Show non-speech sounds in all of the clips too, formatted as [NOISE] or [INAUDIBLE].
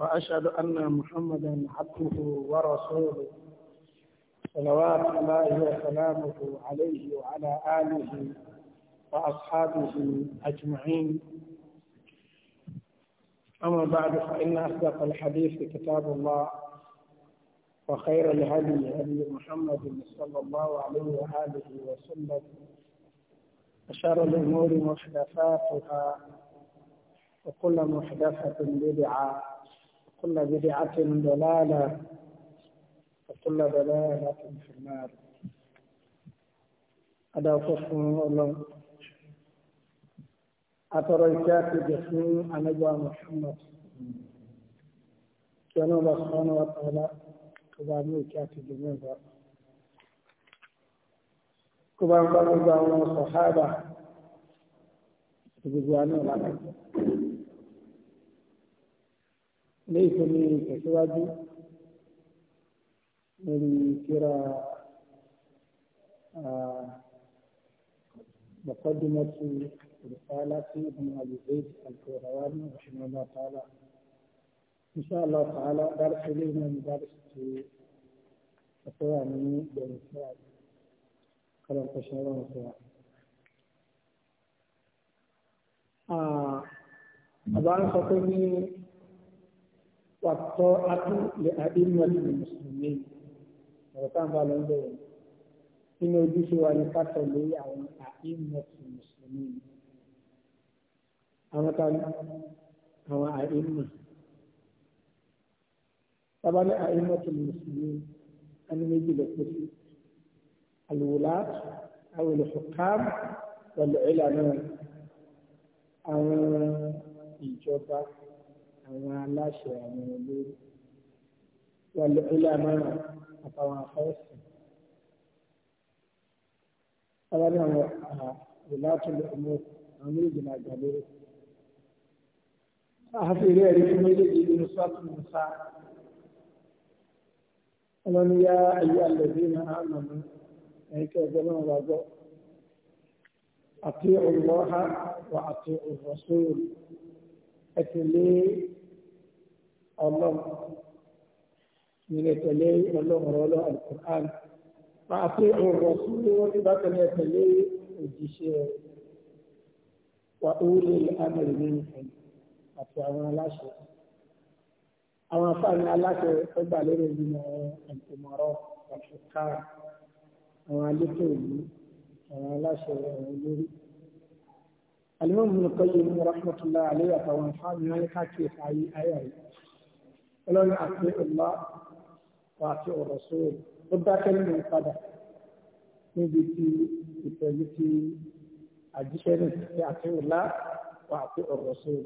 وأشهد أن محمدا عبده ورسوله صلوات الله وسلامه عليه وعلى آله وأصحابه أجمعين أما بعد فإن أصدق الحديث كتاب الله وخير الهدي هدي محمد صلى الله عليه وآله وسلم أشار الأمور محدثاتها وكل محدثة بدعة وكل بدعة ضلالة وكل ضلالة في النار هذا فصل الله أتريكات جسمي أن أبوى محمد كان الله سبحانه وتعالى كبانو كاتي جميعا كبانو كاتي جميعا صحابة كبانو كاتي léyìí tó ní ìtẹ̀síwájú lórí kíra مقدمة رسالة ابن أبي زيد الكهرواني رحمه الله تعالى إن شاء الله تعالى درس لنا مدارس في القرآن بين السؤال كلام تشعر وسؤال أبان خطيبي والطاعة لأئمة المسلمين وطبعا بالنسبة إنه يجوز أن يقتل عن أئمة المسلمين أما كان هو أئمة طبعا أئمة المسلمين أن يجي لكتب الولاة أو الحكام والعلماء أو الجبهة àwọn aláṣẹ àwọn olórí wọlé ìlànà àtàwọn afẹ́sìn àwọn ní àwọn ìlàtúndì ọmọ àwọn méjì náà àfi rí ẹ̀rí fún méjèèjì nínú sọ́ọ̀tún nìsa wọn ni yá ayé náà nà mú ẹgbẹ́ náà wà gbọ́ àti wà àti ẹ tẹ̀lé ọlọ́run ìrẹ tẹ̀lé ọlọ́run ọlọ́ alukur'an máa fi ọ̀rọ̀ sí wọn nígbà tẹ̀lé ẹ tẹ̀lé òjíṣẹ́ wa orí amẹ̀rẹ̀ nínú ẹ̀yìn àti àwọn aláṣẹ àwọn afáàní aláṣẹ tó gbà lérò nínú ẹ̀ǹtìmọ̀rọ̀ ọ̀ṣùkà àwọn alétò ìlú àwọn aláṣẹ ẹ̀rọ lórí alimọ́ mi kọ́ yìí ní rahmatulah alẹ́ àtàwọn fáwọn náà ní káàkiri ayé ayé rẹ̀ ọlọ́run àti ọlá wà àti ọ̀rọ̀ sóòrò ó dákẹ́ nínú padà níbi tí ìtẹ̀lé ti àjíṣẹ́ náà àti ọlá wà àti ọ̀rọ̀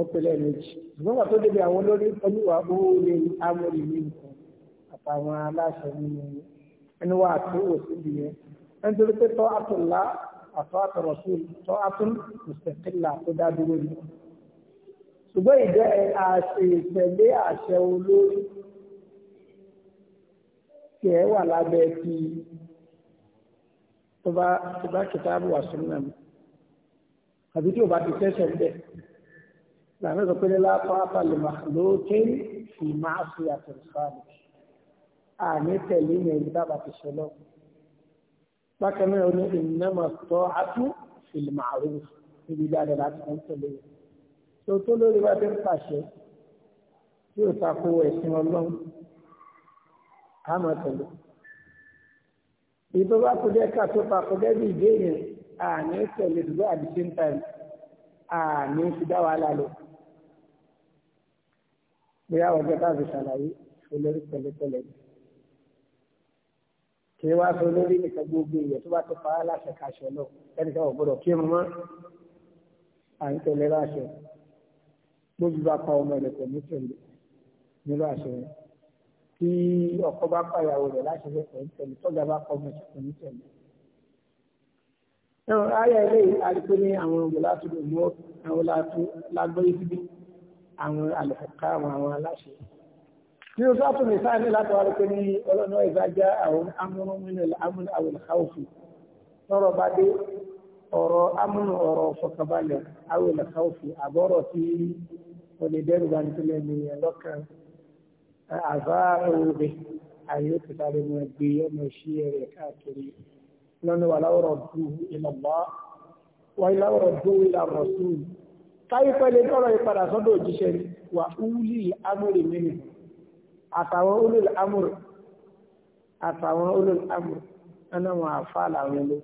ó pẹ̀lẹ́ méjì ṣùgbọ́n wà tó débi àwọn olórí oníwà owó lè ní nǹkan àtàwọn aláṣẹ nínú ẹni wà àti òsì nìyẹn ẹni tó lè pẹ́ tọ́ àtọ̀lá àtọ́wàtọ̀ rọ̀sùn tọ́ àtún mùsùlùmí tó dá dúró ni. ṣùgbọ́n ìjẹ́ àṣẹ ìtẹ̀lé àṣẹ olórí tí ẹ wà lábẹ́ ti tó bá kìtàbù wà súnmọ́ mi àbí tí o bá ti tẹ́sẹ̀ bẹ́ẹ̀ làwọn ẹ̀sọ́ pé nílá pápá lè máa lóókè ìmáàfíà tó ń sáré àní tẹ̀lé yẹn ní bàbá ti ṣe lọ́wọ́ bákan náà ní ìnáma tọ́ atú fil ma'ruf níbi dáadáa láti fún tẹ̀lé rẹ̀ tó tó lórí bá ti ń pàṣẹ tí ó tako ẹ̀sìn ọlọ́run á mọ̀ tẹ̀lé ìbí bá kọjá ká tó pa kọjá bí ìbéèrè àní tẹ̀lé dùgbò at the same àní ti dá wàhálà lọ bóyá ọjọ́ káàbì ṣàlàyé olórí pẹ̀lẹ́pẹ̀lẹ́ yìí kì í wá sọ lórí nìkan gbogbo èèyàn tó bá ti pa á láṣẹ káṣẹ lọ ẹnìkan ò gbọdọ̀ kí mọ́ à ń tẹ̀lé láṣẹ gbójú bá pa ọmọ rẹ̀ pẹ̀lú tẹ̀lé nínú àṣẹ rẹ̀ tí ọkọ bá pa ìyàwó rẹ̀ láṣẹ rẹ̀ pẹ̀lú tẹ̀lé tọ́jà bá pa ọmọ rẹ̀ pẹ̀lú tẹ̀lé. ẹ̀rọ ayé ilé àdìpé ní àwọn ògbò látúndò mọ́ àwọn lágbóyé síbí àwọn àlùfẹ́ká àwọn aláṣẹ ní o sọ́tù ní sáà ní láti wárí pé ní ọlọ́nà ìbájá àwọn amúnúmínú amúnú àwọn káwùfù lọ́rọ̀ bá dé ọ̀rọ̀ amúnú ọ̀rọ̀ fọkànbalẹ̀ àwọn káwùfù àbọ̀rọ̀ tí o lè dẹ́rù bá nítorí ní ẹlọ́kan àzáàrùn rẹ̀ àyè ó kìtà rẹ̀ mọ̀ gbé ọmọ ìṣí rẹ̀ káàkiri lọ́nà wà láwọ̀rọ̀ dù ìlọ̀gbọ́ wà láwọ̀rọ̀ àtàwọn olùl amúrò àtàwọn olùl amúrò ẹnà wọn àfa làwọn ẹlẹ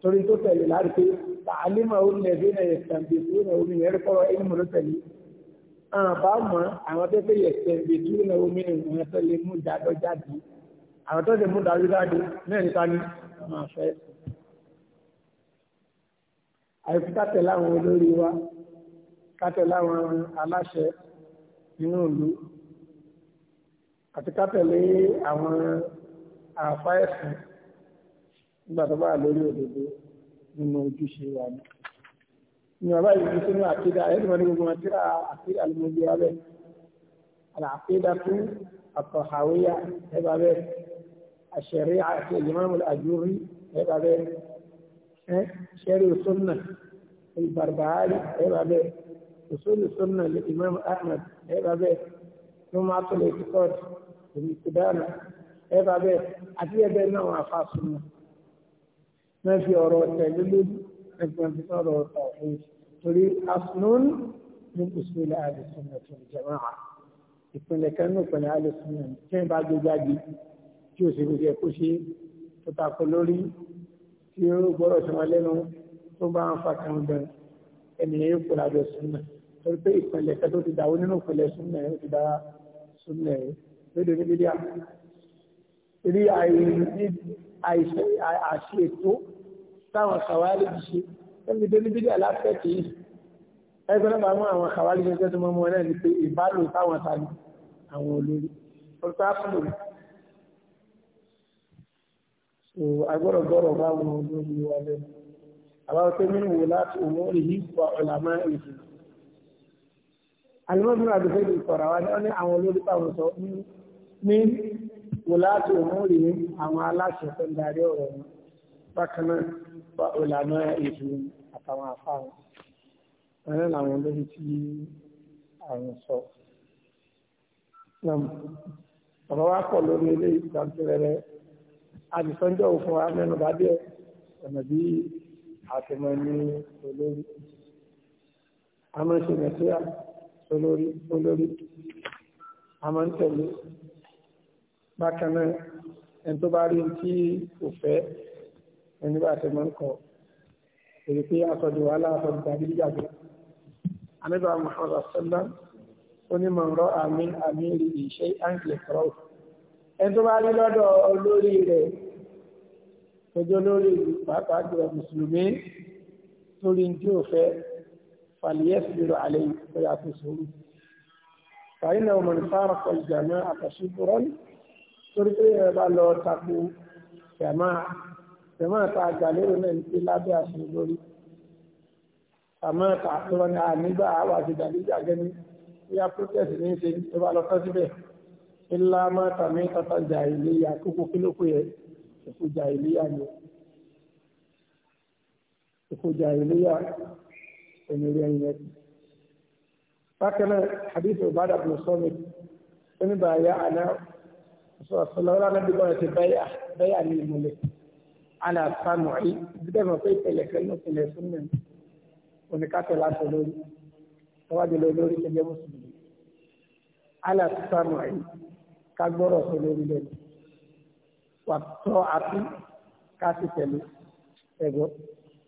torí tó tẹ̀lé láti pé tàálímà ó lè bí ẹ̀yẹ tàbí tó náà omi ẹ̀rí kọ́rọ̀ ẹni mọ̀ ló tẹ̀lé àwọn bá mọ̀ àwọn tó tẹ̀lé tàbí tó náà omi ẹ̀yẹ tẹ̀lé mú dáadọ́ jáde àwọn tó tẹ̀lé mú dáadọ́ jáde náà nípa ní àwọn afẹ́ àìkúta tẹ̀lé àwọn olórí wa ká tẹ̀lé àwọn aláṣẹ inú ìlú àti ká tẹ̀lé àwọn àfa ẹ̀sìn nígbà tó bá lórí òdodo nínú ojúṣe wa ni. Ní bàbá yìí fi sínú àkídà ayélujára ní gbogbo wọn tíra àkídà alimọ̀bí wa bẹ́ẹ̀. Àlàkídà tún àtọ̀hàwíyà ẹ̀bà bẹ́ẹ̀. Àṣẹ̀rí àti ìmáàmù àjúrí ẹ̀bà bẹ́ẹ̀. Ṣẹ́rí Sùnnà ìbàrbàárì ẹ̀bà bẹ́ẹ̀. Òṣèlú Sùnnà ìmáàmù Ahmed ẹ̀bà bẹ́ẹ̀. máa tó lè kíkọ́ọ̀tì òbí kùdánù ẹ̀bà bẹ́ẹ̀ àti ẹ̀bẹ̀ náà wọn afa súnmọ́ náà fi ọ̀rọ̀ tẹ̀lé lórí ẹgbẹ́ fi sọ̀rọ̀ ọ̀tà òfin torí asnun ní ìpìlẹ̀ àdìsúnmọ̀ tó jẹ̀máà ìpìlẹ̀ kan ní ìpìlẹ̀ àdìsúnmọ̀ tí wọ́n bá gbé jáde tí ó sì fi jẹ́ kó ṣe tó takò lórí tí ó gbọ́dọ̀ tí wọ́n lẹ́nu tó bá ń fa kan gan ènìyàn yóò kóra bẹ̀ súnmọ̀ torí pé ìpìlẹ̀ kan tó ti dàwó nínú ìpìlẹ̀ súnmọ̀ yóò ti dá súnmọ̀ yóò lóde ní bídíà rí àṣẹ ètò táwọn kàwárí ti ṣe ẹni tó ní bídíà láfẹ́ kì í ẹgbẹ́ náà mú àwọn kàwárí ṣe tẹ́ tó mọ́ wọn náà ní pé ìbálò táwọn tàbí àwọn olórí ọ̀pọ̀ ní wòláàtì òmúrì ní àwọn aláṣẹ tó ń darí ọ̀rọ̀ wọn bákan náà bá ìlànà ìlú àtàwọn àfáàwọn ẹ̀rẹ́ làwọn olórí tí àwọn sọ. ọ̀rọ̀ wa pọ̀ lórí ilé ìgbàntẹ́rẹ́rẹ́ àdìsọ́njọ́ òfin wa mẹ́nu bá dé ọ̀nà bí àtìmọ́ ní olórí a máa ń ṣe nàìjíríà olórí olórí a máa ń tẹ̀lé bákan náà ẹni tó bá rí tí kò fẹ́ ẹni bá ṣe máa ń kọ èrè pé àtọ̀dù wàhálà àtọ̀dù tàbí jàgbé anábà Muhammad sallá ó ní mọ̀ọ́rọ́ àmì rí ìṣe áńkìlẹ̀ kọ́rọ̀ ẹni tó bá rí lọ́dọ̀ olórí rẹ̀ tọjọ́ lórí pàápàá jùlọ mùsùlùmí lórí tí ò fẹ́ fàlìyẹ́sì lọ yìí ó yà fi fàyínà ọmọ nípa àràkọ̀ àtàṣí búrọ́lì torí pé ẹ bá lọ tako jàmá jàmá ta àgbàlérò náà ń pé lábẹ́ àṣẹ lórí àmọ́ ta lọ́wọ́ ní ànígbà àwọn àti ìdàgbéjà gẹ́ni bóyá protest ní í ṣe tó bá lọ tán síbẹ̀ ńlá máa tàmí tata jà ilé ya kókó kílókó yẹ èkó jà ilé ya ni èkó jà ilé ya ènìyàn ẹ̀yìn ẹ̀. bákan náà hadith Ubadah bin Samit ẹni bàyá àná sọ ọ̀sọ̀lọ́wọ́lá náà bíbọ̀ ẹ̀sẹ̀ bẹ́yà ní ìmúlẹ̀ aláàfáàmù ayé bíbẹ̀ mọ̀ pé ìpẹ̀lẹ̀ kan yóò pẹ̀lẹ̀ fún mi oníkàtọ̀ láti olórí tọ́wádìí lọ lórí ṣẹjẹ́ mùsùlùmí aláàfáàmù ayé ká gbọ́rọ̀ sọ lórí lẹ́nu wà tọ́ àti ká sì tẹ̀lé ẹ̀gbọ́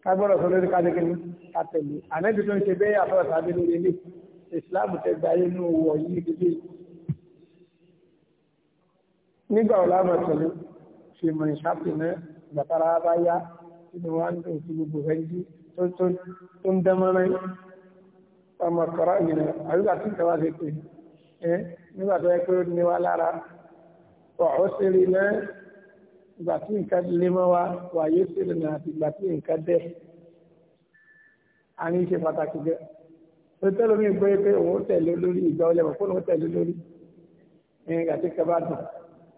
ká gbọ́rọ̀ sọ lórí ká dékẹ́ni ká tẹ̀lé ànẹ́bí tó ń ṣe bẹ́yà fọ́ nígbà ọ̀làmọ̀ tẹ̀lé ṣe mọ̀ ìṣàfihàn gbàtàrà bá yá nínú wa ń dùn sí gbogbo rẹ̀ jí tó ń dẹ́mọ́rẹ́ ọmọ kọ̀rọ̀ ìrìnà àríwá tí ìjọba ṣe pé ẹ nígbà tó yẹ pé ó ní wa lára ọ̀hún sí rí náà ìgbà tí nǹkan lè mọ́ wa wàyé sí rí náà àti ìgbà tí nǹkan dẹ̀ a ní ṣe pàtàkì jẹ́ tó tẹ́lómi gbé pé òun tẹ̀lé lórí ìgbà ọlẹ́mọ̀ fóònù tẹ̀lé lórí ẹ̀ àti kẹfà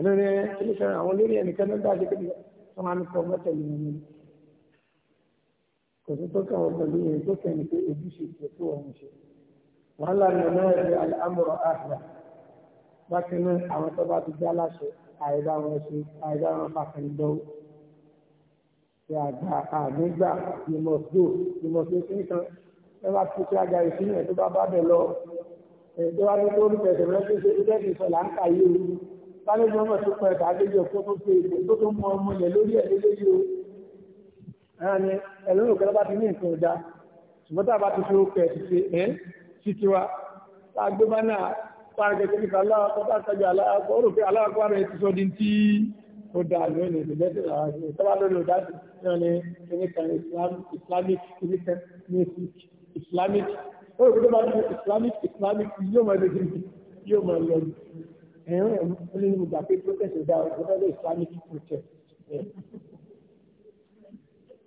ẹnu rẹ kíni kan àwọn olórí ẹnìkan náà dáadé kíni kan máa ń kọ mọ́tẹ̀lì wọn ni kò sí tó kàn wọ́n pẹ̀lú yẹn tó kàn ní pé ojúṣe tó tó wọn ṣe wàhálà ní ọmọ ẹgbẹ́ alámọ̀rọ̀ àhùrà bákan náà àwọn tó bá ti já láṣẹ àìdá wọn ṣe àìdá wọn pàkàn dánwó ṣe àgbà àgbégbà you must go you must go kíni ẹ bá ti ṣe àgbà ìṣúná tó bá bá bẹ lọ ẹ tó bá ní kó lálejò ọmọ tó pẹ́ ìdàgbéjọ kó tó pé tó tó mọ ọmọ ilẹ̀ lórí ẹ̀ lélẹ́yìí o ẹ̀rọ ni ẹ̀lọ́rùn òkè lọ́ba ti ní nǹkan ọ̀dá ṣùgbọ́n tá a bá ti fi òkè ti ṣe ẹ́ títí wa tá a gbé bá náà pàrọ̀gẹ̀kẹ́ nípa aláàkọ́ tá a tajú aláàkọ́ ó rò pé aláàkọ́ rẹ̀ ti sọ di tó bá ti islamic islamic ẹ̀rọ ẹ̀rọ ní gbogbo àpé protest ọ̀dà ọ̀dọ́dọ̀ islamic protest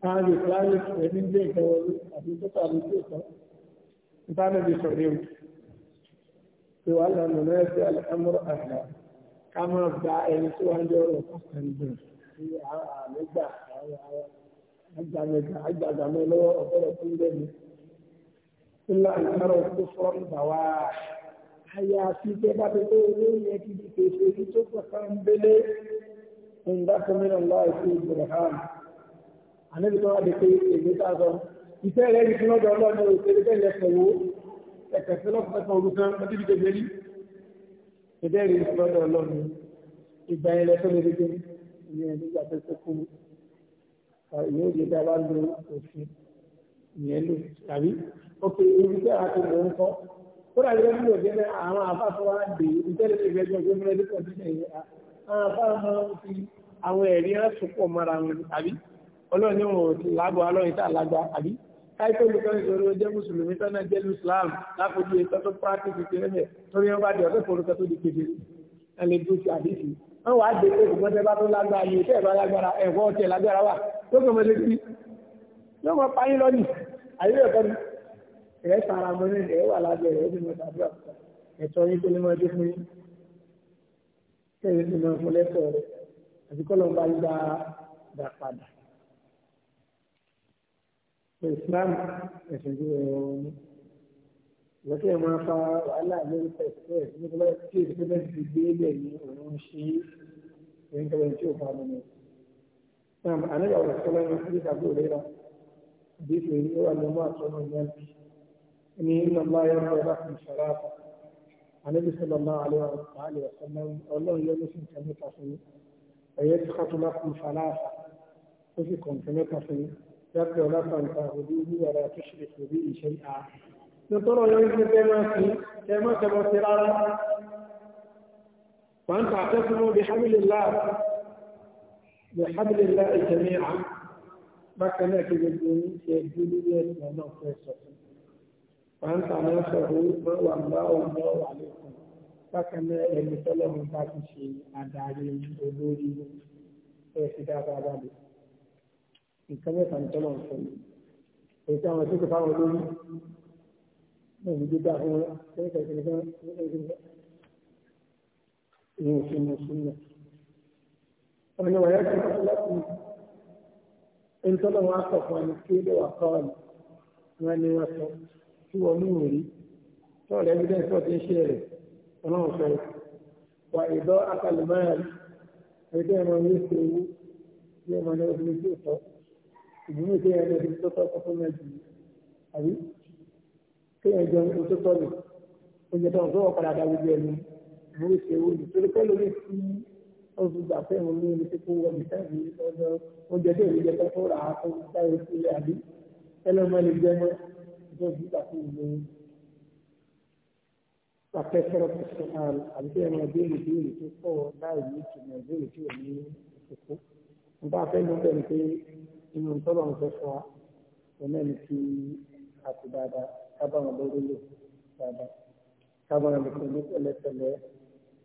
àwọn islamic ẹ̀mí jẹ́ ìtọ́wọ́ àti tọ́ta ló tó tán ìbáná bí sọ̀rọ̀ ewu pé wàá lọ nù náà sí alámúrò àgbà ká máa gba ẹni tí wọ́n jọ ọ̀rọ̀ kọ̀ọ̀kan dùn sí àgbà àgbàmẹ̀gbà àgbàgbàmẹ̀ lọ́wọ́ ọ̀gọ́dọ̀ tó ń bẹ̀ mi. Ilá ìkárọ̀ tó fọ́ ìgbà wáá àyàfi tẹ́ bá ti tó olóyìn yẹn ti di pèsè èyí tó pàtàkì ń bélé ń bá tó mìíràn lọ àìsí ìbùrẹ̀ hàn àníbi tó wá di pé èyí tá a sọ ìfẹ́ rẹ̀ ní fún ọdọ ọlọ́run òṣèré bẹ́ẹ̀ lẹ́sẹ̀ wo ẹ̀kẹ́ fún ọkùnrin ọdún kan ọdún bíi kódà ìgbẹ́ bí òjẹ́ bẹ́ àwọn àfáàfọ́ wa dé ìtẹ́lẹ̀ ìgbẹ́jọ́ gómìnà ní kọ̀ọ̀dúnṣẹ́ yìí àwọn àfáàfọ́ fi àwọn ẹ̀rí hàn sopọ̀ mọ́ra wọn àbí ọlọ́run ní wọn ò ti lágbo ọlọ́run tá lágba àbí káyọ̀ olùkọ́ ìṣòro jẹ́ mùsùlùmí tọ́nà jẹ́ islam láfojú ẹ̀tọ́ tó pàtó ti tẹ́lẹ̀ mẹ́ torí wọn bá di ọ̀tọ̀ forúkọ tó di kedere ẹlẹ́ tó ti àdéhì wọn wàá dé pé ìgbọ́n tẹ bá tó lágbára yìí tẹ́ ẹ̀ bá lágbára ẹ̀wọ́ tẹ lágbára wà tó kọ́ mọ́lẹ́sí yóò mọ páyín lọ́nìí àyè ẹ̀ sara mọ́ ní ẹ̀ wà lábẹ́ rẹ̀ ó sì mọ̀ tàbí àkùkọ ẹ̀tọ́ yín tó ní mọ́ ẹjọ́ fún yín kẹ́yìn tó mọ̀ fún lẹ́tọ̀ rẹ̀ àti kọ́ lọ́n bá ń gba gbà padà. Islam ẹ̀sìn ju ẹ̀rọ ni ìwọ́n tí ẹ̀ máa fa wàhálà lórí pẹ̀sẹ̀ ẹ̀ nígbà tó bá tí èsì tó bẹ́ẹ̀ ti gbé lẹ̀ ni, òun ṣe é nígbà tí ò fa mi ni. Àníyàwó sọ́lá ní ìdíkàgbé òlera ìdíkàgbé òlera ló máa tọ́nu ní ẹ̀sìn. يعني إن الله يرضى لكم صلاة النبي صلى الله عليه وآله وسلم والله يلسم كميتا فيه ويسخط لكم صلاة فيكم كميتا فيه يرضى لكم تعبدوه ولا تشركوا به شيئا nítorí ọ̀yọ́ ìgbé tẹ́mọ́ sí tẹ́mọ́ tẹ́mọ́ بحبل الله بحبل الله جميعا bí hábìlélá ìjẹ̀mí à bákanáà kí gbogbo ní wọ́n tà náà sọ̀rọ̀ wọ́n wà ń bá wọn bọ́ wà lẹ́kọ̀ọ́ bákan náà ẹni tọ́lọ́run bá ti ṣe adarí olórí ẹ̀sìn dáadáa báyìí nǹkan mẹ́ta ní tọ́lọ́run fún mi èyí táwọn tó ti fáwọn olórí náà ní gbígbà fún tí wọ́n ní ìwòrí tọ́ọ̀lù evidence ọ̀tí ń ṣe rẹ̀ ọlọ́run fẹ́ wà ìdọ́ akálùmáàlì ẹgbẹ́ ẹ̀rọ ní oṣù owó ní ẹ̀rọ ní oṣù tí ó tọ́ ìdúró tí ẹ̀rọ ní oṣù tó tọ́ kọ́kọ́ náà jù àbí kí ẹ̀rọ jẹun oṣù tọ́ lù oúnjẹ tó ń sọ́wọ́ padà dá gbogbo ẹ̀mí ìmú oṣù owó lù torí pẹ́ lórí tí ó fi gbà pé òun ní omi tí kò wọ bìtẹ́ẹ̀mì ọjọ́ lójú ìgbà tó ń lo a pẹ̀sán àbí ẹ̀rọ ìbéèrè ìbéèrè tó pọ̀ láì ní ìtumọ̀ ìbéèrè tí ò ní ìkókó. nígbà fẹ́ ló bẹ̀rẹ̀ pé inú tọ́lọ̀ ń fẹ́ fún wa ọ̀nà a ti àti dáadáa kábàámọ̀ lórí lò dáadáa kábàámọ̀ lórí lò pẹ̀lẹ́pẹ̀lẹ́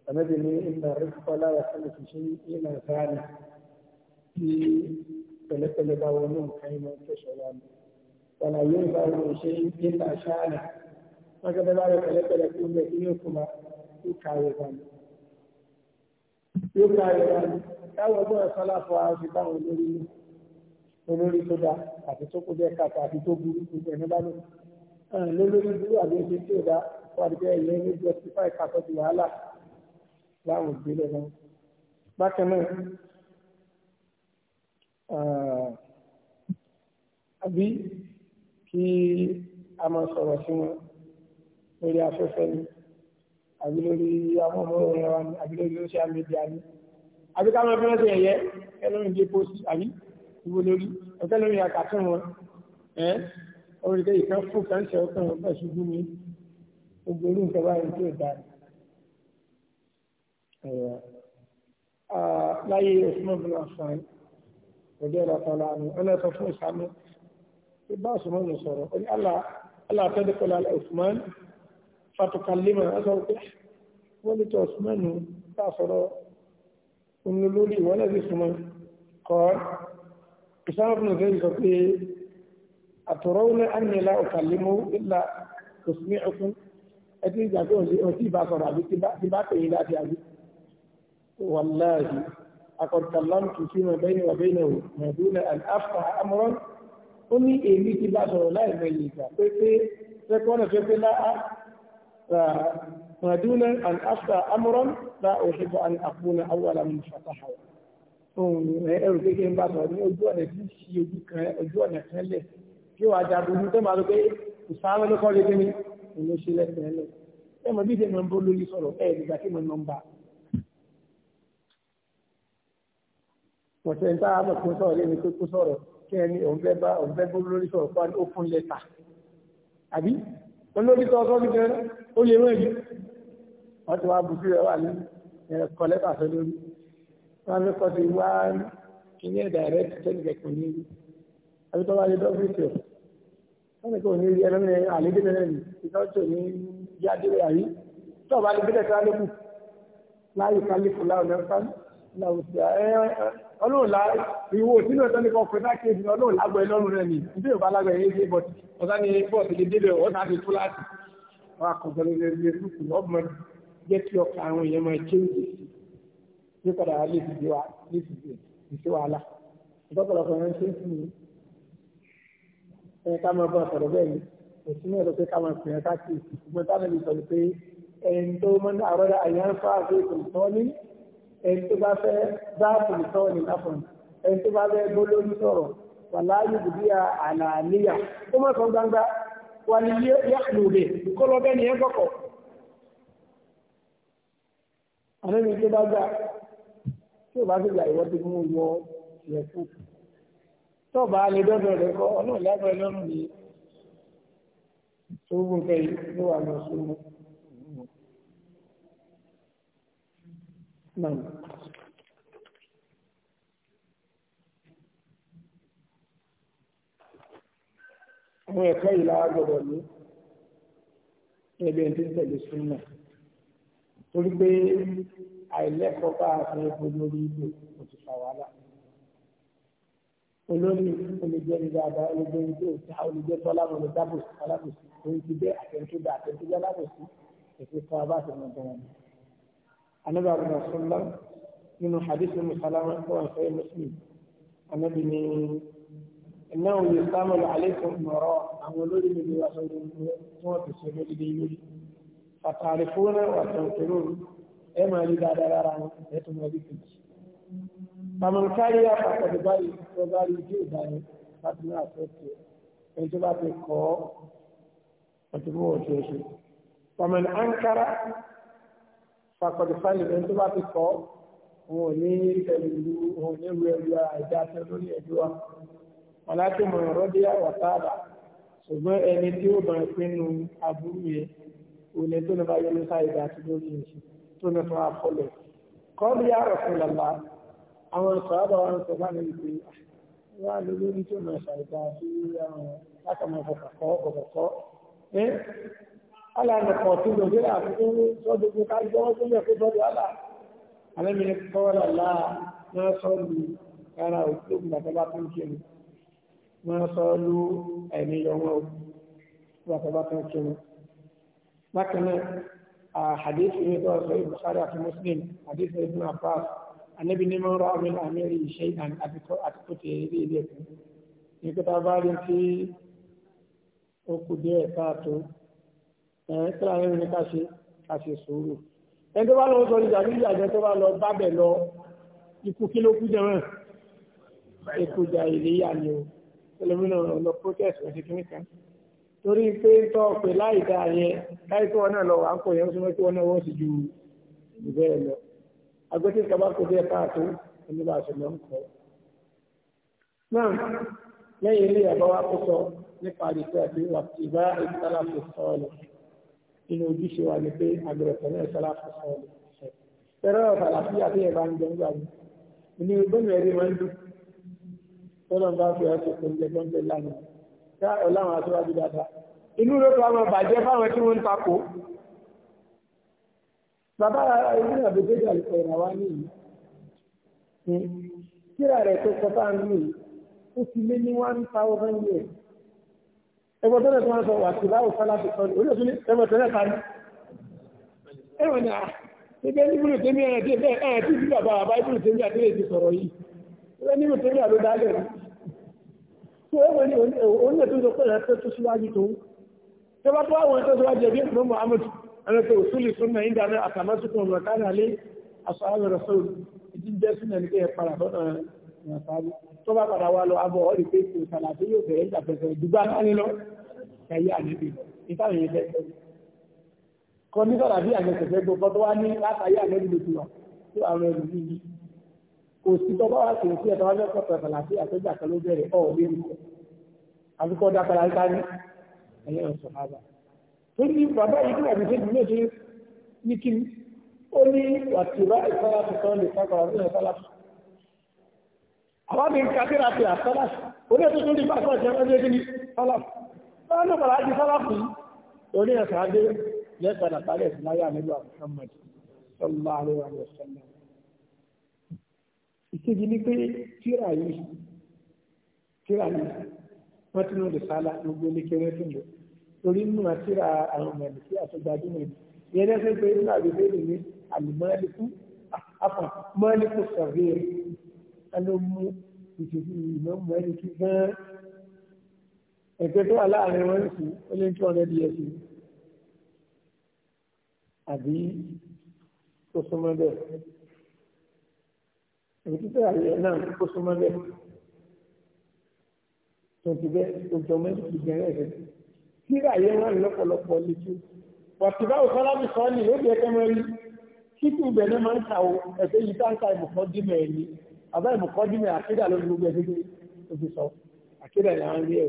àmẹ́bí ní ìlà rẹ́pọ̀ láyà fún ìṣiṣẹ́ ìlà ìbáraẹni tí pẹ̀lẹ́pẹ̀lẹ́ bá wọnú nǹkan ìmọ̀ ìfẹ̀sọ̀ wa ni wala yin ba mu shi illa sha'ana maka da ba da kale-kale kun da iyo kuma ku kare ba yóò ká ìrora ni káwọn ọgbọ́n ẹ̀fọ́ láfọ àti báwọn olórí olórí tó dáa àti tó kó jẹ́ kàtà àti tó burú gbogbo ẹ̀ nígbà náà lólórí burú àbí oṣù tí ò dá wà ní bẹ́ẹ̀ yẹn ní justify kàtọ́ ti wàhálà láwọn ìgbélé náà. bákan náà àbí tí a máa sọ̀rọ̀ sí wọn lórí afẹ́fẹ́ ni àbí lórí àwọn ọmọ òun wa ni àbí lórí social media ni àbí ká máa fẹ́rẹ́ sí ẹ̀yẹ ẹlọ́run dé post àbí ìwé lórí ọ̀tẹ́ lórí àkàtún wọn ẹ́ orí kẹ́ ìkan fún kàńṣẹ́ ọkàn ọgbà ṣubú mi gbogbo orí nǹkan báyìí tó dá ah, láyé Usman bin Affan ọjọ́ ìlàtọ̀ lánàá ọlọ́sọ fún ìsámú bá Usman lọ sọ̀rọ̀ ó ní Allah tẹ́lẹ̀ kọ́lá Usman fatukalima aṣọ pé wọ́n lè tọ́ Usman nù bá sọ̀rọ̀ nínú lórí ìwọ́n náà sì súnmọ́ kọ́ Usman bin Zayd sọ pé àtọ̀rọ̀wọ́lẹ̀ ànìlá ọ̀kàlímọ́ ìlà òsùnmí ọkùn ẹtí ìjà pé ọtí ìbá sọ̀rọ̀ àbí ti bá pè é láti àbí. wàláhì akọ̀tàlámù kìí fi mọ̀ bẹ́ẹ̀ ni wà bẹ́ẹ̀ ni wò mọ̀ ó ní èmi ti bá sọ̀rọ̀ láìmọye ìgbà pé pé sẹ́kọ́nà pé pé láà màdúnà and after amuran la òṣèbọ̀ and àfúnà awàlà mú fàtàhà ohun ẹrù kékeré ń bá sọ̀rọ̀ ní ojú ọ̀nà tí ṣe ojú kan ojú ọ̀nà kan lẹ̀ kí wàá jà burú tó máa lọ pé ìsáwọn ló lé kí ni òun ṣe lẹ́sẹ̀ lẹ̀ ẹ mọ̀ bí ṣe ń bó lórí sọ̀rọ̀ ẹ̀ nígbà tí mo ń nọ́mbà. Mọ̀tẹ́ ń tá a mọ̀ kó sọ̀rọ̀ lé mi kó sọ̀rọ̀ kí ẹni òun fẹ́ bá òun fẹ́ bó lórí sọ̀rọ̀ pa ó fún lẹ́tà àbí olórí sọ ọkọ gbígbẹ ó lè rán èyí wọ́n ti wá bu sí ẹwà ní ẹ̀kọ́ lẹ́tà sọ lórí wọ́n fi kọ́ sí wá kíní ẹ̀dà rẹ̀ tẹ́lẹ̀ kò ní rí àbí tó wá lé dọ́fíìsì wọ́n kò ní rí ẹlẹ́mìnira àlédè mẹ́rẹ̀ ní ìtọ́jú ní yáde àrí tó wà lé bílẹ̀ kù láyé kálífù láwọn ẹ̀ ọlọ́ọ̀lá ìwò sínú ẹ̀tọ́ ní kan fẹ́ta kéèjì ọlọ́ọ̀lá gbọ́ ẹlọ́run rẹ̀ ní ìdí ìbá lágbẹ̀ yìí ṣe bọ̀tì ọ̀sá ni bọ́ọ̀sì lè débẹ̀ ọ̀sá ti tú láti wọn àkọsọ̀rọ̀ rẹ̀ lùkù ọmọ jẹ́ kí ọkọ̀ àwọn èèyàn máa chéńjì sí padà wà léṣi di wàhálà ìtọ́pọ̀lọpọ̀ rẹ̀ ṣe ń fún mi ẹ ká máa bọ́ ọ̀sọ̀rọ̀ bẹ́ẹ̀ ni òsínú ẹ̀rọ pé ká máa pè é ká kí ìsìnkú mọ́tálẹ́bí sọ pé ẹni tó mọ́ ní àrọ́dá àyànfà àti ìtòlítọ́ni ẹni tó bá fẹ́ báàbù na ní káfọ́n ẹni bá fẹ́ gbólórí sọ̀rọ̀ wàlá yìí bí àlàáníyà tó mọ̀ sọ gbangba wà ní yàtúndé kọlọ́bẹ́ ni ẹ tó bá tí dọ́dọ̀ rẹ̀ kọ́ lọ́rùn ló نعم àwọn ẹ̀kọ́ yìí lára gbọ́dọ̀ ní ẹgbẹ́ tí ń tẹ̀lé súnmọ̀ torí pé àìlẹ́kọ̀ọ́ bá àwọn ẹgbẹ́ lórí ibò kò ti fà wàhálà olórí olùjẹ́ ní dáadáa olùjẹ́ ní tó ta olùjẹ́ tó alábòsí alábòsí òun ti bẹ́ àtẹ̀ntó bẹ́ àtẹ̀ntó bẹ́ alábòsí ètò ìfọwọ́ bá mọ̀ bẹ́ẹ̀ ni anabi abu sallam nínú hadith mu salama tó wà sọyẹ muslim anabi ni ináwó yìí sáàmù alaykum nọrọ àwọn olórí mi ni wà sọ ní wọn ti sọ lórí dé lórí fàtàrí fúnra wà sọ kúrò ẹ máa rí dáadáa lára wọn ẹ tó máa rí kejì. Bàmọ̀n kárí báyìí tó bá rí ojú ìdáni láti ní àfẹ́tì ẹni tó bá ti kọ́ ọ̀tún mọ́ ọ̀tún ẹ̀ṣẹ̀. Bàmọ̀n fakọ̀dé fáìlì rẹ̀ tó bá ti kọ́ òun ò ní ẹ̀rù ìlú òun ní ìlú ẹ̀rù àìdá tẹ lórí ẹ̀jọ́ wa wọn láti mọ̀ ọ̀rọ̀ bí àwọ̀táàbà ṣùgbọ́n ẹni tí ó bẹ̀rẹ̀ pinnu aburú yẹn òun ni tó ní bá yẹnu sáìdá àti lórí ẹ̀jọ́ tó ní fún akọlẹ̀ kọ́ọ̀lù yàrá fún lọ́la àwọn sọ̀rọ̀ wọn sọ bá mi pé ah, wọ́n á lọ lórí tó mọ̀ ṣàìdá sí àwọn alánàkọ̀ tí lò ní àfikún sọ́dọ̀gbò ká gbọ́ tó mẹ́ fún sọ́dọ̀ alá alẹ́mìnir kọ́ọ̀lá láà máa sọ́lù ara òkúrògùn bàtàbà tó ń kiri máa sọ́lù ẹ̀mí yọmọ bàtàbà tó ń kiri bákan náà àhàdíṣì ní tó sọ Bukhari àti Muslim àdíṣì ibn Abbas anábì ní mọ́rọ̀ àmìlà àmìlì iṣẹ́ ìdàn àtikọ́tẹ̀ ilé ilé ẹ̀kọ́ ní kí ta bá rí sí okùn díẹ̀ káàtó ẹ̀ẹ́n kíra rẹ̀ ní káṣe káṣe sùúrù ẹni tó bá lọ sọ ìjà nígbà jẹ tó bá lọ bábẹ̀ lọ ikú kí ló kú jẹ mọ́ ìkújà ìléyà ni o ẹlòmínà lọ protest wọn ti kí nìkan torí pé tọ́ pé láì dá yẹn láì tó wọn náà lọ wà ń pọ̀ yẹn ó sì wọn náà wọ́n sì ju ìbẹ́ẹ̀ lọ agbẹ́tí kaba kò bí ẹ káàtó ẹni bá ṣe lọ ń kọ́. náà lẹ́yìn ilé ẹ̀bá wa kó sọ nípa àdìsẹ́ àti ìwà ìbá ìtàlá fi sọ ọ́ lọ inú ojúṣe wa ni pé agbẹ̀rẹ̀tẹ̀ náà sọlá fún sọ́ọ̀ ẹ̀rọ àlàáfíà tí ẹ̀bá ń jẹ ń gbà mí inú ìgbọ́nà ẹ̀rí máa ń dùn tọ́lọ̀ bá fi ọ̀ṣẹ̀ kò ń jẹ gbọ́njẹ lánàá ká ọ̀làwọn aṣọ́wájú dáadáa inú ló fa máa bàjẹ́ fáwọn tí wọ́n ń takò bàbá ìlú àbẹ̀jẹ̀jẹ̀ àlùkò ìràwá nìyí kíra rẹ̀ tó sọ fáwọn nìyí ó ti lé ní one years ẹgbẹ́ tó lẹ́tọ́ sọ wà sí báwo sọ́lá ti sọ́lá orí òsúlé ẹgbẹ́ tó lẹ́ta ní ẹwọ̀n ni àà ẹgbẹ́ níbùrù tèmi ẹ̀rẹ̀ tí ẹgbẹ́ ẹ̀rẹ̀ tí bí bàbá bàbá ìbùrù tèmi àti èdè sọ̀rọ̀ yìí ẹgbẹ́ níbùrù tèmi àló dálẹ̀ ní tó ẹwọ̀n ni òun lè tó sọ pé ẹ̀rẹ́ tó síwájú tó tó bá tó àwọn tó síwájú ẹbí ẹ̀kọ́ Muhammad ẹ̀rẹ́ tó òsúlì súnmọ̀ ìdáná àtàmásùkùn ọ̀rọ̀ káàdà lé aṣọ àwọn ẹ̀rọ sọ̀rọ̀ ìdíjẹ́ súnmọ̀ ní kẹ́ ẹ̀ padà bọ́ tó bá padà wà lọ abọ́ ọ̀rì pé kò sàlàfé yóò bẹ̀rẹ̀ ìjàpẹ̀sẹ̀ ìdúgbà náà ní lọ ẹ̀yà àníbì ìtàwọn èèyàn fẹ́ kọ́ ní sọ̀rọ̀ àbí àgbẹ̀sẹ̀fẹ́ gbogbo tó wá ní látàyé àlẹ́bì ló ti wà tí àwọn ẹrù ní yìí kò sí tọ́gbà wá sí sí ẹ̀tọ́ wájú ọ̀pọ̀ ẹ̀fà láti àtọ́jà kan ló bẹ̀rẹ̀ ọ̀ lé nù àfikọ́ dákàlà ń sáré ẹ̀yẹ ọ̀sọ̀ àbá tó ní bàbá yìí kúrò àbí tẹ́jú méje ní kí ó ní wàtúrà ìsára tuntun lè sákọ̀rọ̀ ní ẹ̀sára àwọn mi ń ka síra ti àsálà oní ẹ̀tọ́ tó ní bá àsálà ti ẹ̀rọ wọ́n ní bàbá ti sábà fún orí ẹ̀sà adé lẹ́sàdà parẹ́ sí láyé àmì ìlú Muhammad sallallahu alaihi wa sallam ìkejì ni pé tíra yìí tíra yìí wọ́n ti nù lè sálá gbogbo ní kéré fún mi torí nù àtìrà àwọn ọmọ ẹ̀mí sí àtúgbàdúmọ̀ ẹ̀mí yẹn lẹ́sẹ̀ pé nínú àgbègbè rẹ̀ ní àlùmọ́ẹ́lìkú àfà mọ́ẹ́lìkú sọ̀rọ̀ rẹ̀ ẹni mú ìmọ̀ mọ́ẹ́lìkú gan-an ètò tó wà láàrin wọn sí ó lé two hundred years ni àbí tó súnmọ́ bẹ́ẹ̀ èyí títí àyẹ̀ náà tó súnmọ́ bẹ́ẹ̀ tó ti bẹ́ẹ̀ tó jọ mọ́ ìdí gẹ̀rẹ́ rẹ̀ kí àyẹ̀ wà lọ́pọ̀lọpọ̀ létí wàtúbà òsálàbí sọ́ọ́nì ló bí ẹ̀kẹ́ mẹ́rin kí tún bẹ̀ ní máa ń ta o ẹ̀fẹ́ yìí tá ń ka ìmùkọ́ dímẹ̀ àbá ìmùkọ́ dímẹ̀ àkídà lórí gbogbo ẹ̀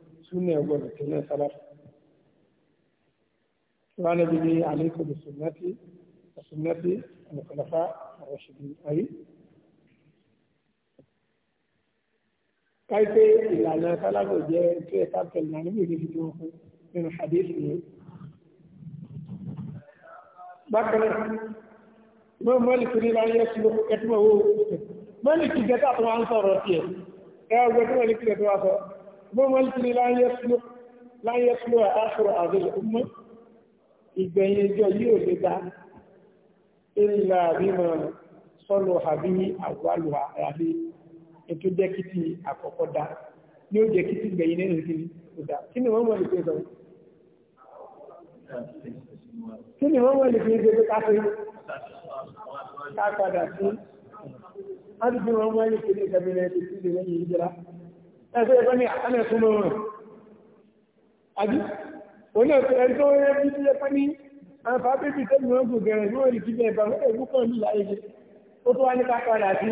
súnà gbọ́dọ̀ tẹ̀lé sálàfù wọn níbi ní àlékún ìsúnnàtì ìsúnnàtì àlùkọlọfà àwọṣìbí ayé. káyipé ìlànà sálàfù jẹ́ tó yẹ ká tẹ̀lé náà níbi ìdíje wọn fún nínú hadith yìí. bákan náà mọ mọlìkì ní láyé ẹsùn ẹtùmọ̀ owó mọlìkì gẹ́gẹ́ àtúwọ̀ à ń sọ̀rọ̀ tiẹ̀ ẹ ọgbẹ́ tí mọlìkì gẹ́gẹ́ wá sọ̀rọ̀ bó wọ́n ti ní láyé fúlò àṣírò àdúgbò ọmọ ìgbẹ̀yìn ìjọ yóò lè dá ìlà rímọ̀ sọ́lọ̀ àbí àwálù àyàbí ètò jẹ́kìtì àkọ́kọ́ dá ní ó jẹ́kìtì gbẹ̀yìn nínú ìdílé kò dá kí ẹgbẹ́ ẹgbẹ́ ní àkánẹ̀ tó lọ́rùn àbí oní ẹ̀kẹ́ tó rẹ̀ bí i ẹgbẹ́ ní àǹfà bíbí tó mọ́ ọgbọ̀n gẹ̀rẹ̀ yóò rí kí bẹ́ẹ̀ bá wọ́n èwú kan ní láyé jẹ́ ó tó wá ní kápadà sí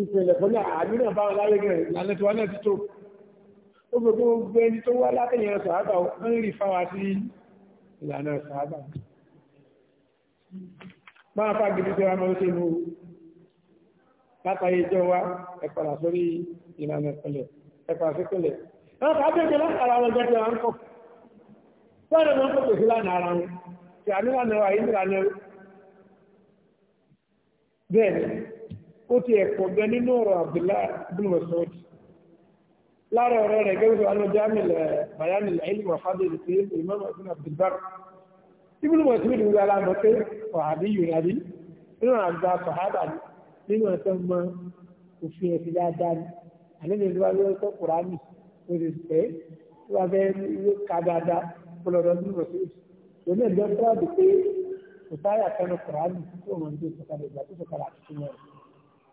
ìpìlẹ̀ fún àmì náà bá wọn láyé gẹ̀rẹ̀ lálẹ́ tó wá náà ti tó ó gbogbo gbé ẹni tó wá látẹ̀yìn sàábà ń rí fáwa sí ìlànà sàábà máa fà gidi tó wá máa ń ṣe mú látàrí ìjọ wa ẹ̀pàdà sórí ìlànà ìpìlẹ̀ ẹ̀fà síkúnlẹ̀ náà kábẹ́ẹ̀kẹ́ látara wọn jẹ́ tẹ́ra ń kọ́ fẹ́rẹ̀ wọn kò sí lánàá ara wọn tí a nílànà wà yìí nílànà bẹ́ẹ̀ ni ó ti ẹ̀kọ́ gẹ nínú ọ̀rọ̀ Abdullah bin Mas'ud lára ọ̀rọ̀ rẹ̀ gẹ́gẹ́ bí wọn imam ibn abdulbar ibn Mas'ud ń gbára mọ́ pé ọ̀hàbí yunadi nínú àgbà sọ̀hábà nínú ẹ̀sẹ̀ mọ́ òfin ẹ̀sìn dáadáa àlejò ìlú wa lórí ọkọ̀ kùránì ó ti tẹ̀ tó wà fẹ́ ilé ka dáadáa kó lọ́dọ̀ ní ìrọ̀sí òní ẹ̀dọ́ fúlàdì pé kò táyà fẹ́nu kùránì tó mọ̀ ní ìsọ̀kalẹ̀ ìgbà tó sọ̀kalẹ̀ àti túmọ̀ rẹ̀.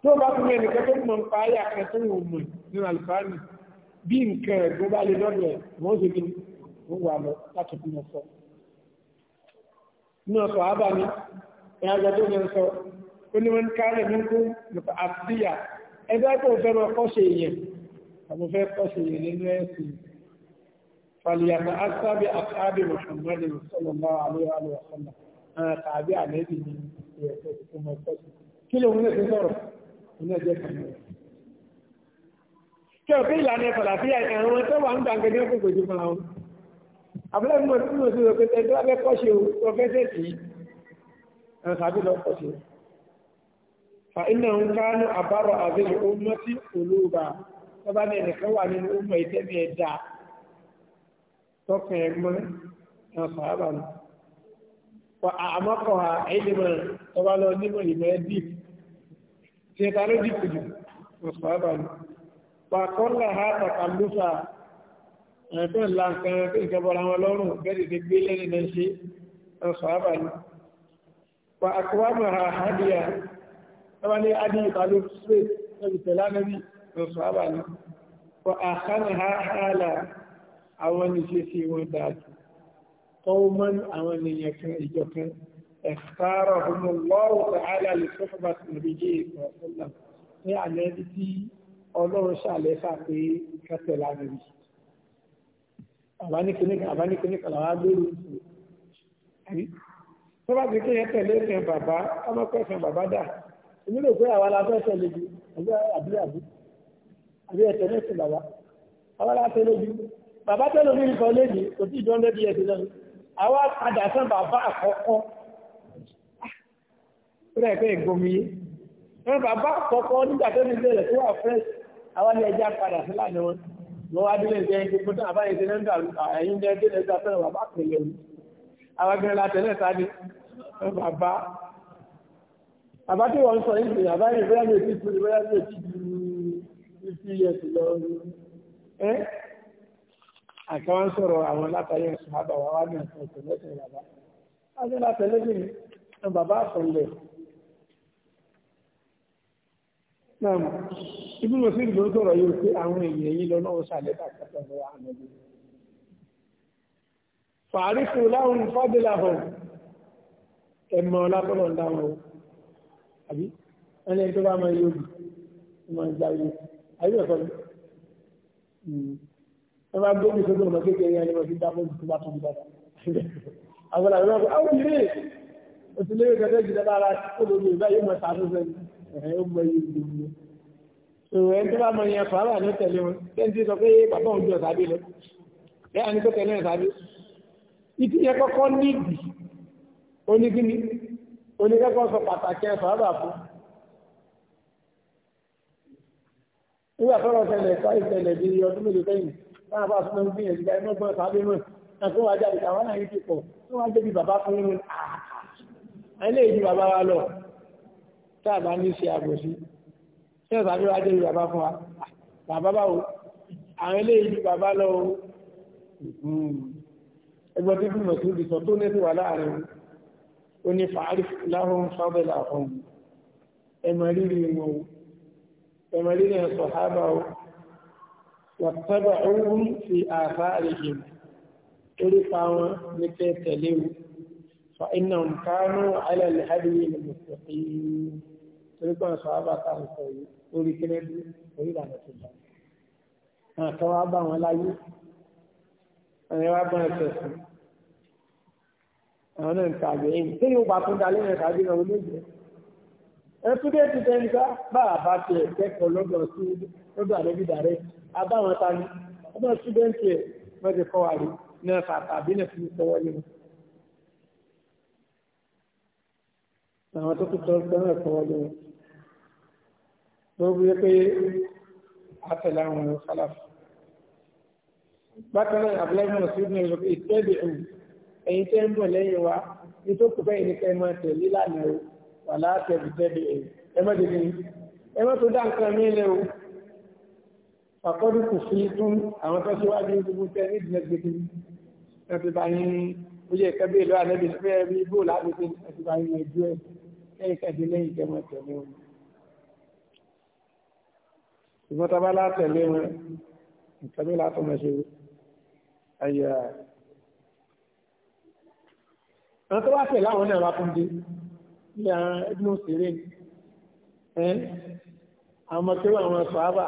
tó o bá fún mi nìkan tó mọ̀ nípa ayé akẹ́kọ̀ọ́ tó wù mọ̀ nínú àlùfáàní bí nǹkan ẹ̀gbọ́n bá lè lọ́dọ̀ ẹ̀ mọ̀ ó ṣe kí wọ́n wà lọ láti fi mọ̀ sọ. nínú ọ̀sọ̀ àbámi ẹ̀ ẹgbẹ́ kò fẹ́ lọ kọ́ṣe èèyàn àmọ́ fẹ́ kọ́ṣe èèyàn nínú ẹ̀sìn fàlìyàmà asábì àkábì Muhammadin sallallahu alaihi wa sallam tàbí àmẹ́bì ní ìyẹ̀kọ́ ìfúnmọ́ kọ́ṣe kí ló ń lè sọ̀rọ̀ ní ẹjẹ́ kan náà kí ọ̀pẹ́ ìlànà ìfàlàfíà ẹ̀rọ tó wà ń gbàgbé ní ọkọ̀ ìgbòjú fún àwọn àbúlé mímọ̀ tí mo ti rò pé ẹjọ́ abẹ́kọ́ṣe ọ̀fẹ́sẹ̀ sí ẹ̀rọ tàbí fa iná ń kánú àbárọ̀ àbẹ̀lẹ̀ ọmọ tí olóòbá tọ́ba ní ẹnìkan wà nínú ọmọ ìtẹ́mi ẹ̀dá tọkàn ẹ̀gbọ́n náà sàábà nù. fa àmọ́kọ̀ ha ẹ̀dìmọ̀ tọ́ba lọ nímọ̀ ìmọ̀ ẹ̀ dìp tí ẹ̀ta ló dìp jù náà sàábà nù. fa kọ́ńdà ha tàkàlùfà ẹ̀fẹ́ ńlá nǹkan tó ń bẹ́ẹ̀ ti gbé lẹ́nu tọ́ba ní adé ìbálò straight lórí tẹ̀lánẹ́bí lọ́sọ̀ àbàlẹ̀ kọ àkánà hàhálà àwọn ìṣe sí wọn dájú tọ́wọ́mọ́n àwọn ènìyàn kan ìjọ kan ẹ̀kárọ̀ ọmọ lọ́wọ́ tààlà lè sọ́fọ́ bá ti rí jẹ́ ìfọ̀ọ́sọ́lá ní àlẹ́ tí ọlọ́run ṣàlẹ́sà tẹ̀lé ẹ̀sìn bàbá ọmọkọ̀ ẹ̀sìn bàbá dà èmi rò pé àwa la fẹ́ tẹ̀lé ju ẹgbẹ́ àbúlé àbú àbí ẹ̀tẹ̀ ní ìsìn bàbá àwa la tẹ̀lé ju bàbá tẹ̀lé omi nìkan léde kò tí ìjọ ń lé díẹ̀ sí náà àwa padà sàn bàbá àkọ́kọ́ rẹ̀ pé ìgbomi yé wọn bàbá àkọ́kọ́ nígbà tó ní ìbẹ̀rẹ̀ tó wà fẹ́ àwa ni ẹja padà sí lánàá wọn lọ wá délé ìjẹ gbogbo náà àbáyé ti náà ń dà ẹ̀yìn jẹ́ àbá tí wọ́n sọ yìí sèyí àbá yìí bóyá yóò ti tu bóyá yóò ti tu fifty years lọ ẹ àkàwọn sọ̀rọ̀ àwọn látàrí ẹ̀sùn àbá wa wá ní ẹ̀sùn ọ̀sẹ̀ lẹ́sẹ̀ bàbá wájú látẹ̀ lẹ́sẹ̀ ní bàbá àfọ̀lẹ̀. náà ibi mo sì ló sọ̀rọ̀ yìí pé àwọn èèyàn yìí lọ náà ṣàlẹ́ bàtàkọ́ lọ́wọ́ àmọ́ fàárí fún láwọn fábílà hàn ẹ̀mọ́ ọlá tọ́lọ̀ ń dáwọn o àbí ẹni ẹni tó bá máa yọ òbí ó máa ń gba ilé àbí ẹ̀kọ́ ni hmm. ẹ máa gbé oníṣẹ́ tó mọ̀ kékeré ẹni wọ́n fi dá fún ìtura tó ń bá àwọn àgbẹ̀ náà kò àwọn ìrè òsèlè yóò kẹ́kẹ́ jìnnà lára kó lóde ìgbà yóò máa sàánú sẹ́ni ẹ̀ ó mọ iye ìdìbò òwò ẹni tó bá mọ yẹn fà wà ní tẹ̀lé wọn tẹ́ǹtì sọ pé bàbá òun jọ sábẹ́ lọ ẹ̀ àní tó tẹ̀lé ẹ̀ sábẹ́ ìtì yẹn kọ́kọ́ nídìí onígbìnní oníkẹ́kọ̀ọ́ sọ pàtàkì ẹ̀sọ́ àbà fún. nígbà tọ́rọ ṣẹlẹ̀ ẹ̀kọ́ ìṣẹ̀lẹ̀ bí ọdún mélòó sẹ́yìn náà bá súnmọ́ gbìyànjú ìgbà ẹ̀mọ́ gbọ́n sábẹ́ mọ̀ àti wọ́n ajáde àwọn náà yìí ti pọ̀ tí wọ́n débi bàbá fún yín ẹlẹ́ ìdí bàbá wa lọ tá a bá ní ṣe àbòsí tí wọ́n sábẹ́ wá débi bàbá fún wa bàbá báwo àwọn ẹlẹ́ ìdí bàbá lọ hmm. ẹgbọ́n tí fún mọ̀ ó ní fàárif láhùn fábẹ́lá ọ̀hún ẹ̀mọ̀ rírì wọn o ẹ̀mọ̀ rírì ẹ̀sọ̀ hábà o wàtàbà ọ̀hún fi àfá àrèjì torí pa wọn ní kẹ́ tẹ̀lé o fa iná nkánú alẹ́lẹ́ hádìyí ni mùsùlùmí torí pa hábà àwọn náà ń ta àgbẹ̀yìn tí yóò bá tún dalẹ́ rẹ̀ tàbí ọ̀rọ̀ méje ẹtúdé ti tẹnika bá àbá tiẹ̀ kẹ́kọ̀ọ́ lọ́dọ̀ sí lọ́dọ̀ àlẹ́bí dàrẹ́ abáwọn ta ni ọmọ ṣúdẹ́ǹtì ẹ̀ wọ́n ti kọ́ wa rí náà fà tàbí náà fi sọwọ́ nínú. àwọn tó kù tọ́ gbọ́n ẹ̀kọ́ wọlé wọn ló wí pé àtẹ̀lé àwọn ọ̀rọ̀ sálàfù. bákan náà àbúlé mọ̀ ẹ̀yin tẹ́ ń bọ̀ lẹ́yìn wa ní tó kù bẹ́ẹ̀ ní ká ẹ máa tẹ̀lé lánàá o wà látẹ̀bí tẹ́bi ẹ̀ ẹ má dé ní ẹ má tó dá nǹkan mí lẹ o àkọ́dù kò fi tún àwọn tó ṣíwájú gbogbo tẹ ní ìdílé gbèdé ẹ ti bá yín ó yẹ kẹ́bí ìlú àlẹ́bí fẹ́ rí bó lágbègbè ẹ ti bá yín ẹjú ẹ lẹ́yìn kẹ́bí lẹ́yìn kẹ́ máa tẹ̀lé o ìgbọ́n tá a bá látẹ̀lé wọn nǹkan mi látọ̀ mọ̀ ṣe ayé àwọn tó wá pẹ̀ láwọn náà wá fún dé ní àwọn ẹgbẹ́ òṣèré ni ẹ́ àwọn ọmọ tó wà àwọn sọ̀hábà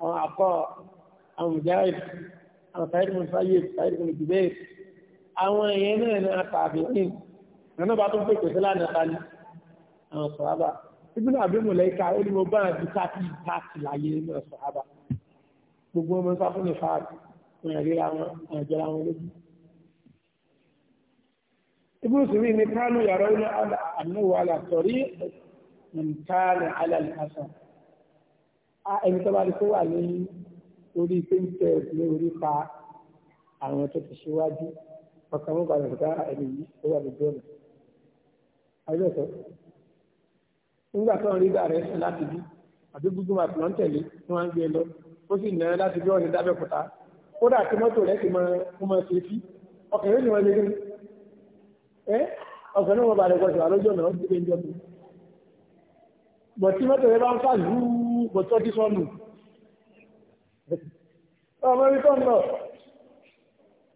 àwọn àkọ́ àwọn mùjáìd àwọn sáyid mùn sáyid sáyid mùn jùbẹ́ẹ̀ àwọn èèyàn náà ní àtàbí ní nínú bá tó ń pèpè sí lánàá ta ni àwọn sọ̀hábà ibùdó àbímọ̀lẹ́ka ó ní mo bá àbí káàkiri káàkiri láyé nínú sọ̀hábà gbogbo ọmọ sáfún ní fáàkì wọn àríra ibùdó sùn ní kánú yàrá iná àmúwà àlàtọ̀rí nǹkanì alàlùkásán ẹni tó bá rí kó wà ní orí pínpẹ́ ní orí pa àwọn tó ti ṣíwájú ọkàn mọ́ balẹ̀ dá ẹni yìí tó wà lójú ọ̀nà ayọ́tọ̀ nígbà tó ń rí dà rẹ̀ sùn láti bí àbí gbogbo àti wọn tẹ̀lé tí wọ́n ń gbé lọ ó sì nà láti bí ọ̀nà dábẹ́kúta kódà tí mọ́tò rẹ̀ ti mọ ọmọ ṣe fi ọkàn yóò ní wọn lé ẹ́ ọ̀sán náà wọ́n bá lẹ́kọ̀ọ́ ṣùgbọ́n lójú ọ̀nà ọ̀sán ìgbẹ́jọ́ mi. bọ̀ tí mọ́tò rẹ bá ń fà lúú bọ̀ tọ́jú sọ́nù. ọmọ rí tọ́ lọ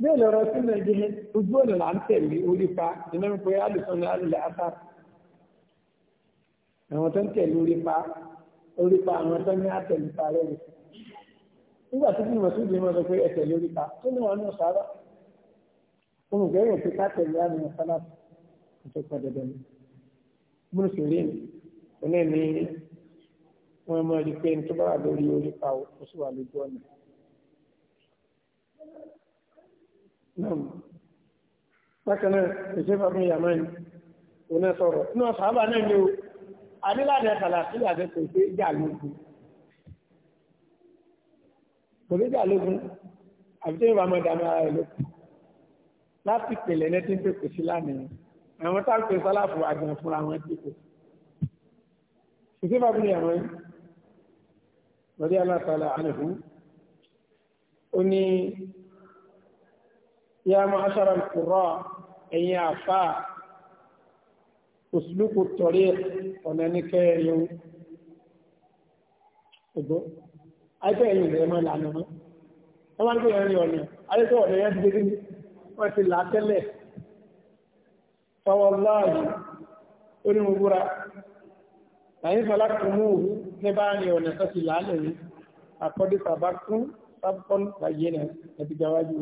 ní ìlọrọ sí nàìjíríà ojú ọ̀nà là ń tẹ̀lé orí pa ìnáwó pé alùsàn ní alùlẹ̀ afá àwọn tó ń tẹ̀lé orí pa orí pa àwọn tó ní àtẹ̀lé pa rẹ̀ nígbà tó fi mọ̀ sí ìdí mọ́ sọ pé ẹ̀tẹ̀lé orí pa tó ní wọn náà sáárà olùgbé rò pé ká tẹ̀lé àmì ọ̀sánà tó pọ̀ dandan ni múlò sí rí mi oní ní wọn mọ ẹni pé tó bá wà lórí orí pa ó sì wà lójú ọ̀nà. bákan náà èsì fàbí ìyàmọ́ ni òun náà sọ̀rọ̀ inú ọ̀sán àbá náà ni o adílàdẹ fàlàsí làdẹ kò sí ìjà lógun kò sí ìjà lógun àbí tí yóò bá mọ dáná ara rẹ lókun láti pèlè lẹ́tí ń pèpè sí lánàá àwọn tá a pè sálàfù àgbọn fúnra wọn ti pè. ṣùgbọ́n bàbá mi àwọn lọ́dí aláṣàlà àlẹ́fún ó ní yá máa ṣára kúrọ́ ẹ̀yìn àfà òṣìlúkù tọ̀rí ọ̀nà ní kẹrin ẹ̀gbọ́n àìsàn ẹ̀yìn rẹ̀ máa lànà mọ́ wọ́n máa ń pè ẹ̀rin ọ̀nà àìsàn ọ̀nà yẹn ti wọ́n ti là tẹ́lẹ̀ fọwọ́ láàyè onímọ̀búra àyín falákùnmù ní bá ní ọ̀nà tó ti làálẹ̀ ní àkọ́dé sàbákún sábọ́n bàyẹ̀ náà ẹ̀bí gbáwájú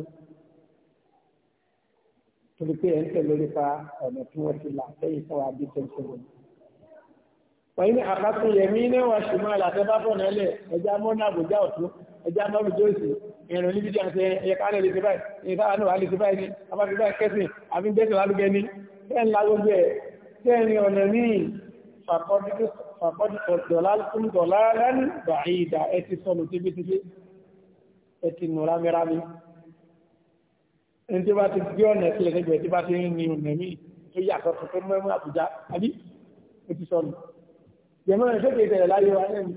torí pé ẹ̀ ń tẹ̀lé ọ̀nà tí wọ́n ti là lẹ́yìn ẹjá mọ́lù jóòsì ìrìn níbi jẹ́ àti ẹ̀yẹ̀ká lè ṣe báyìí ìfẹ́ àwọn àlè ṣe báyìí ní abáfi báyìí kẹsìn àbí gbẹ́sìn lálùgẹ́ ní bẹ́ẹ̀ ńlá gbogbo ẹ̀ tẹ́rin ọ̀nà ní fàkọ́dìtọ̀ dọ̀lárán bàáyìdà ẹ ti sọnù tébétébé ẹ ti nù rámírámí ẹni tí bá ti gbé ọ̀nà sílẹ̀ nígbẹ̀ẹ́ tí bá ti ń ní ọ̀nà míì tó yàtọ̀ tó mẹ́mú àbújá àbí ẹ ti sọnù jẹ́mọ́ ẹ̀ ṣé kìí tẹ̀lé láyé wa ẹni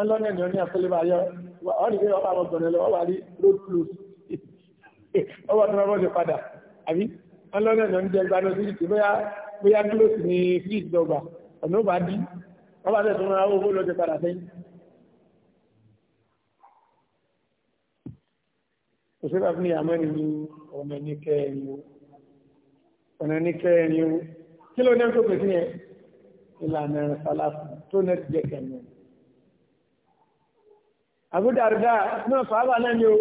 ọlọ́nà ẹ̀mí ọ̀nà àfọlẹ́bà yọ wọ́n ní pé ọba àwọn ọ̀gbọ̀n lọ wà ní road close ọba tó máa bọ́ọ̀dù padà àbí wọ́n lọ́nà ìnáwó jẹ́ gbaná sí ìtì bóyá bóyá close ní fíìsì dọ́gba ọ̀nà ó bá dí ọba tẹ̀ tó máa owó lọ́jọ́ padà sẹ́yìn. òṣèlú àfihàn ìyàmọ́ ni ọ̀nà ní kẹrin o ọ̀nà ní kẹrin o kí ló ní ẹ̀ tó pèsè yẹn ìlànà ìrìnsàlá tó nẹ́ẹ̀tì àbúdàrúdà náà fàábà náà ni ó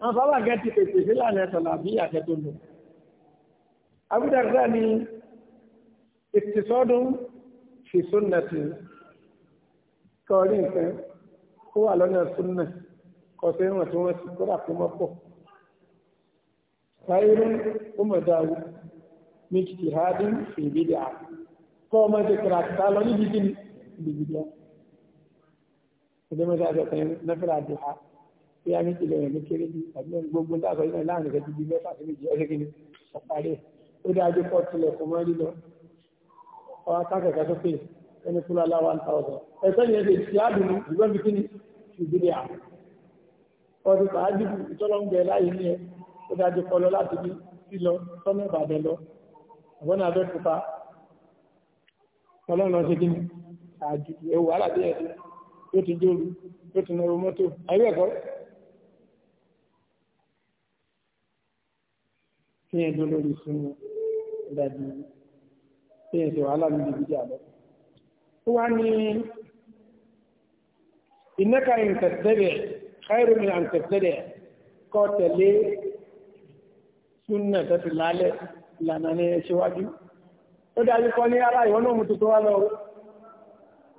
àwọn fàábà gẹ́ ti pèsè sí lànà ẹ̀sọ̀lá bí àṣẹ tó lò àbúdàrúdà ni ìtìsọ́dún fi súnà sí kọrí nǹkan kó wà lọ́nà súnà kọ̀ọ̀sẹ̀ ìwọ̀n tí wọ́n ti kóra fún mọ́pọ̀ khairun umadawu min ijtihadin fi bid'ah ko ma de krakta lo ni bidin bid'ah ọjọ́ mẹ́ta àti ọ̀kan nẹ́fẹ̀lá àdùhà bí a méjì lẹ́yìn ní kéré bí àbí gbogbo dáàbọ̀ yìí láàrin rẹ̀ ti di mẹ́fà sí méjì ọjọ́ kìíní ọ̀parí ó dá ajé pọ̀ tilẹ̀ kò mọ́ lílọ ọwọ́ kákẹ́kẹ́ tó pè ẹni fúlọ́ alá one thousand ẹ̀sẹ̀ yẹn lè ti àdùnnú ìgbọ́n bí kíní ìdílé à ọdún pàájù ìtọ́lọ́ngbẹ láyé ní ẹ ó dá ajé pọ̀ lọ láti bí sílọ sọ́nà ìbàdàn lọ àbọ̀nà abẹ́kúta ọlọ́run lọ ó ti dóoru ó ti nọrọ mọ́tò ayé ẹ̀kọ́ kí ẹ dó lórí súnmọ́ dàbí kí ẹ ṣe wàhálà níbi ìdíje àbọ̀. ó wá ní ìnáka ìǹtẹ̀tẹ̀rẹ̀ káìrùmí àǹtẹ̀tẹ̀rẹ̀ kọ́ tẹ̀lé súnmọ́ tẹ̀tẹ̀ lálẹ́ ìlànà ní ẹṣíwájú ó dájú kọ́ ní ara ìwọ́n náà mú tuntun wá lọ́wọ́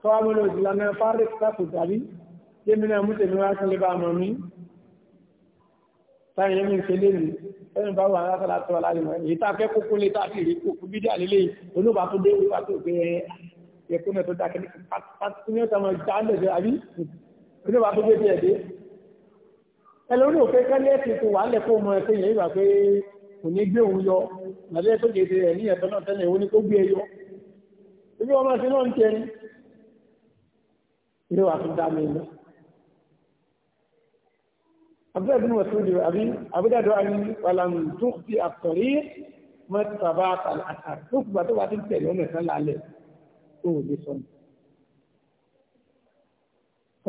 tọ́wọ́mọ́lẹ̀ ìsìlámẹ́ fárík tàkù tàbí yémínà mútẹ̀mí wá sí lébà mọ̀ mí táyẹ̀ yẹ́mí ń kélé mi ẹni bá wà látara tó wà lálẹ́ mọ́ èyí tá a fẹ́ kókó lé tá a sì rí kókó bí díà lélẹ̀ olóòbá tó dé wíwá tó gbé ẹkún náà tó dá kẹ́lẹ́ pàtàkì ní ọ̀sán ọjà ń dẹ̀jẹ̀ àbí olóòbá kò ní gbé òun yọ làbẹ́ tó gèdè ẹ̀ ní ẹ̀tọ́ náà tẹ́lẹ̀ òun ni kó gbé ẹ yọ ebi ọmọ ẹ̀sìn náà ń tẹ́ni ilé wa tún dá mi lọ. abúlé bí wọ́n tún dìbò àbí abúdádọ́ àní wàlámù tó fi àtọ̀rí mọ́tàbá àtàlà tó kùgbà tó bá ti tẹ̀lé ọ̀nà kan lálẹ́ tó ò lè sọ ní.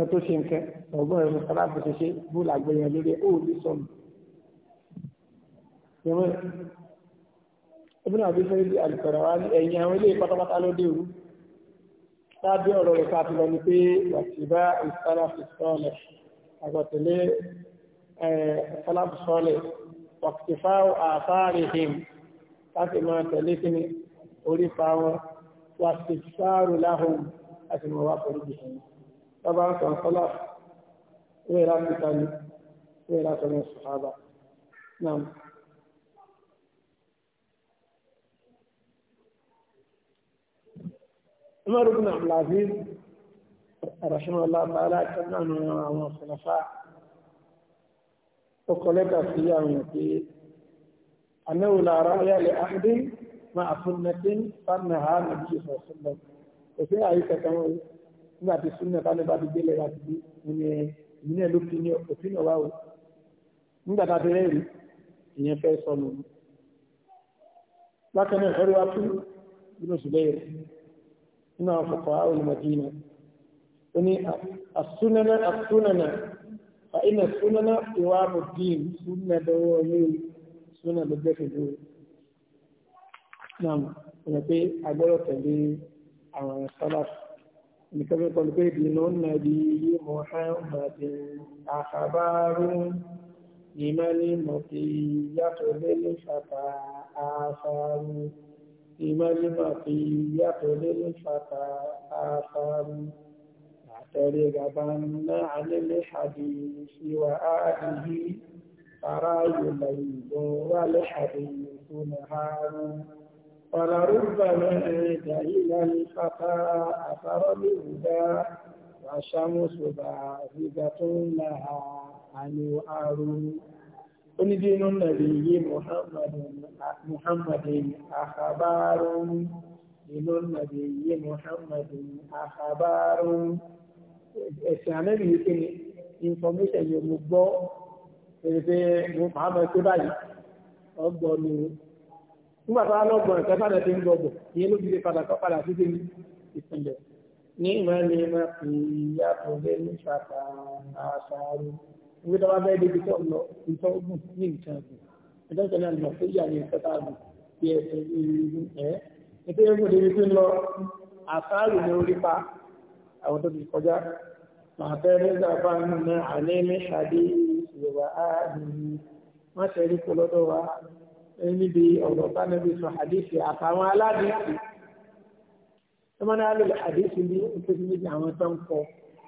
ẹ tó ṣe nǹkan ọgbọ́n ẹ̀rọ sábà bó ṣe ṣe bó làgbẹ̀yẹ lórí ó lè sọ ní. ìwọ̀n ibùdó àbí fẹ́ẹ́ di àlùkọ̀rọ̀ wa ẹ̀yìn àwọn ilé pátápátá sábẹ́ ọ̀rọ̀ rẹ̀ káàkiri lọ ni pé wàtíbá ìsálàfì sọ́ọ̀lẹ̀ àgbàtẹ̀lé ìsálàfì sọ́ọ̀lẹ̀ wàtífá àfáàrí him láti máa tẹ̀lé kí ni orí fa wọn wàtífáàrù láhùn àti mọ̀ wá pẹ̀lú jù sẹ́yìn sábà ń sọ̀rọ̀ sọ́lá Umar ibn Abdul Aziz rahimahullah ta'ala kan nanu àwọn khulafa ó kọ lẹ́tà sí àwọn pé anáwó làárá ayá lè áhùdí máa sunnati fáàmì ha nàbí ìfọ̀ sílẹ̀ kò sí àyè kankan wọn nígbà tí súnmọ táwọn bá ti gbélé láti bí nínú ìmúnẹ lókè ní òfin ọwá o nígbà tá a ti rẹ́rìí ìyẹn fẹ́ sọnù bákan náà ẹrú wa tún nínú ìṣẹ̀lẹ̀ yẹn nínú àwọn fuqaha al-Madina ó ní as-sunana as-sunana fa inna as-sunana iwabu ad-din súnà dọwọ́ yìí súnà ló jẹ́ fìdó náà wọ́n pé agbọ́dọ̀ tẹ̀lé àwọn sálà nìkan bí kọlu pé dìnnà nàbí Muhammadin àkàbárún ìmọ̀ ní mọ̀tì yàtọ̀ lẹ́lẹ́ fàtà àṣàrù. لملم في يقل الفتى آثار معترضا عن الحديث وآله فراي ليل والحديث نهار فلربما جهل الفتى أثر الهدى والشمس بارزة لها أنوار onídínú nàbíyí muhammadin àkàbárún nínú nàbíyí muhammadin àkàbárún ẹ̀sìn ànábì yìí kí ni information yóò mú gbọ́ pẹ̀lẹ́pẹ́ muhammad tó báyìí ọgbọ́n ni nígbà tó wá lọ́gbọ̀n ń gbọ́gbọ̀ ìyẹn ló fi padà kọ́ padà sí ìpínlẹ̀ ní ìmọ̀ ní ìmọ̀ fi yàtọ̀ lé ní ṣàkà ìwé tó bá bẹ́ẹ̀ débi tó lọ ìtọ́ ogun ní nǹkan ọ̀gbìn ẹjọ́ tẹ̀lé àlùmọ̀ tó yà ní ìkẹta àgbẹ̀ bí ẹsẹ̀ ìrìn ẹ̀ ètò ìrìn òde ibi tó ń lọ àtàlù ní orí pa àwọn tó ti kọjá màá fẹ́ nígbà bá ń mú àlẹ́ ní ṣàdé ìwà ààbìnrin wọ́n ṣe rí kó lọ́dọ̀ wa níbi ọ̀rọ̀ bánẹ́bí sọ àdéṣe àtàwọn aládìsí tó máa ń lò àdéṣe ní ìpèsè àwọn tó ń kọ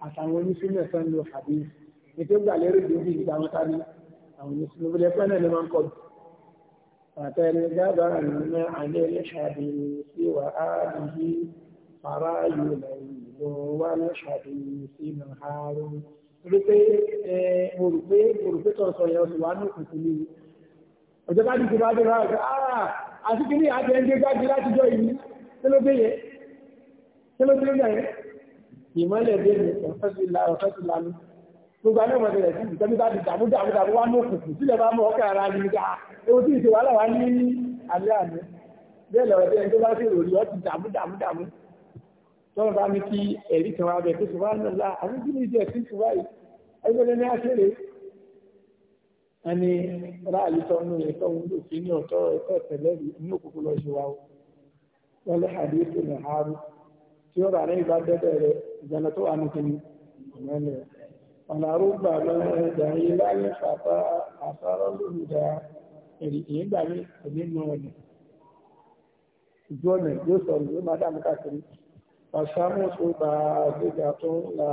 àtàwọn oníṣúná tó ń lo àdéṣe ètò ìgbà lérò ìdíjì ìgbà wọn sáré àwọn mùsùlùmí lè pẹ́ náà ló máa ń kọ́ bí. àtẹni dábàá nínú alẹ́ lẹ́ṣàdì sí wà á yí fara yóò lẹ́yìn ló wà lẹ́ṣàdì sí nàárọ̀. torí pé mo rò pé mo rò pé tọ̀sán yẹn oṣù wa ní òkùnkùn ni ọjọ́ bá dìde bá dé bá rẹ̀ àti kí ní àti ẹni gbájú látijọ́ yìí tí yẹ tí yẹ ìmọ̀lẹ̀ bí ẹni ọ̀fẹ́ ti lanu gbogbo alẹ́ ọmọdé rẹ̀ sí ìtọ́jú bá ti dàmú dàmú dàmú wá ní òkùnkùn sílẹ̀ bá mú ọkà ara ní ga ewu tí ìṣe wàhálà wá ní alẹ́ àná bẹ́ẹ̀ lọ́wọ́ tẹ́lẹ̀ tó bá ṣe ròrí ọtí dàmú dàmú dàmú tọ́lọ́ bá mi kí ẹ̀rí kan wá bẹ̀ tó sọ wàhálà ńlá àwọn tí mi jẹ́ sí sùn báyìí ẹgbẹ́lẹ́ ní àṣẹlẹ̀ ẹni ráàlì tọ́nu ẹ̀tọ́ òun ló fi ní ọ̀tọ́ ẹ̀tọ́ tẹ̀lẹ́ ní òkùnkùn lọ ṣe ọ̀nà arúgbà lọ́wọ́ ìdàrí láyé fàtà àsáró lòdà èyí gbà mí òní nù ọ̀nà ìjọ ọ̀nà yóò sọ̀rọ̀ yóò máa dàmú káàkiri ọ̀sánmù tó bá àgbéga tó ń la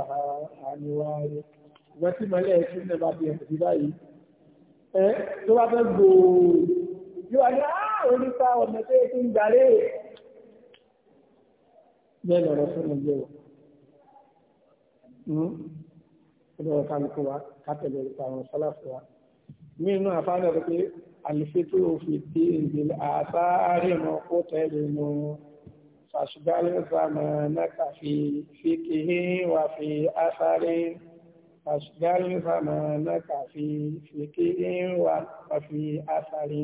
àníwá rẹ̀ ìgbọ́n tí mọ́lẹ̀ tí ń bá bí ẹ̀sìn báyìí ẹ tó ní onípa olówó kálukú wa kátẹ̀lé orúkọ àwọn sọ́láfù wa ní inú àfáàní ọ̀rọ̀ pé àlùfẹ́ tó fi dé ìgbèlè àtàárí mọ́ kó tẹ̀lé mọ́ fàṣùgbálẹ̀ zamana kàfi fi kìhí wà fi àṣàrí fàṣùgbálẹ̀ zamana kàfi fi kìhí wà fi àṣàrí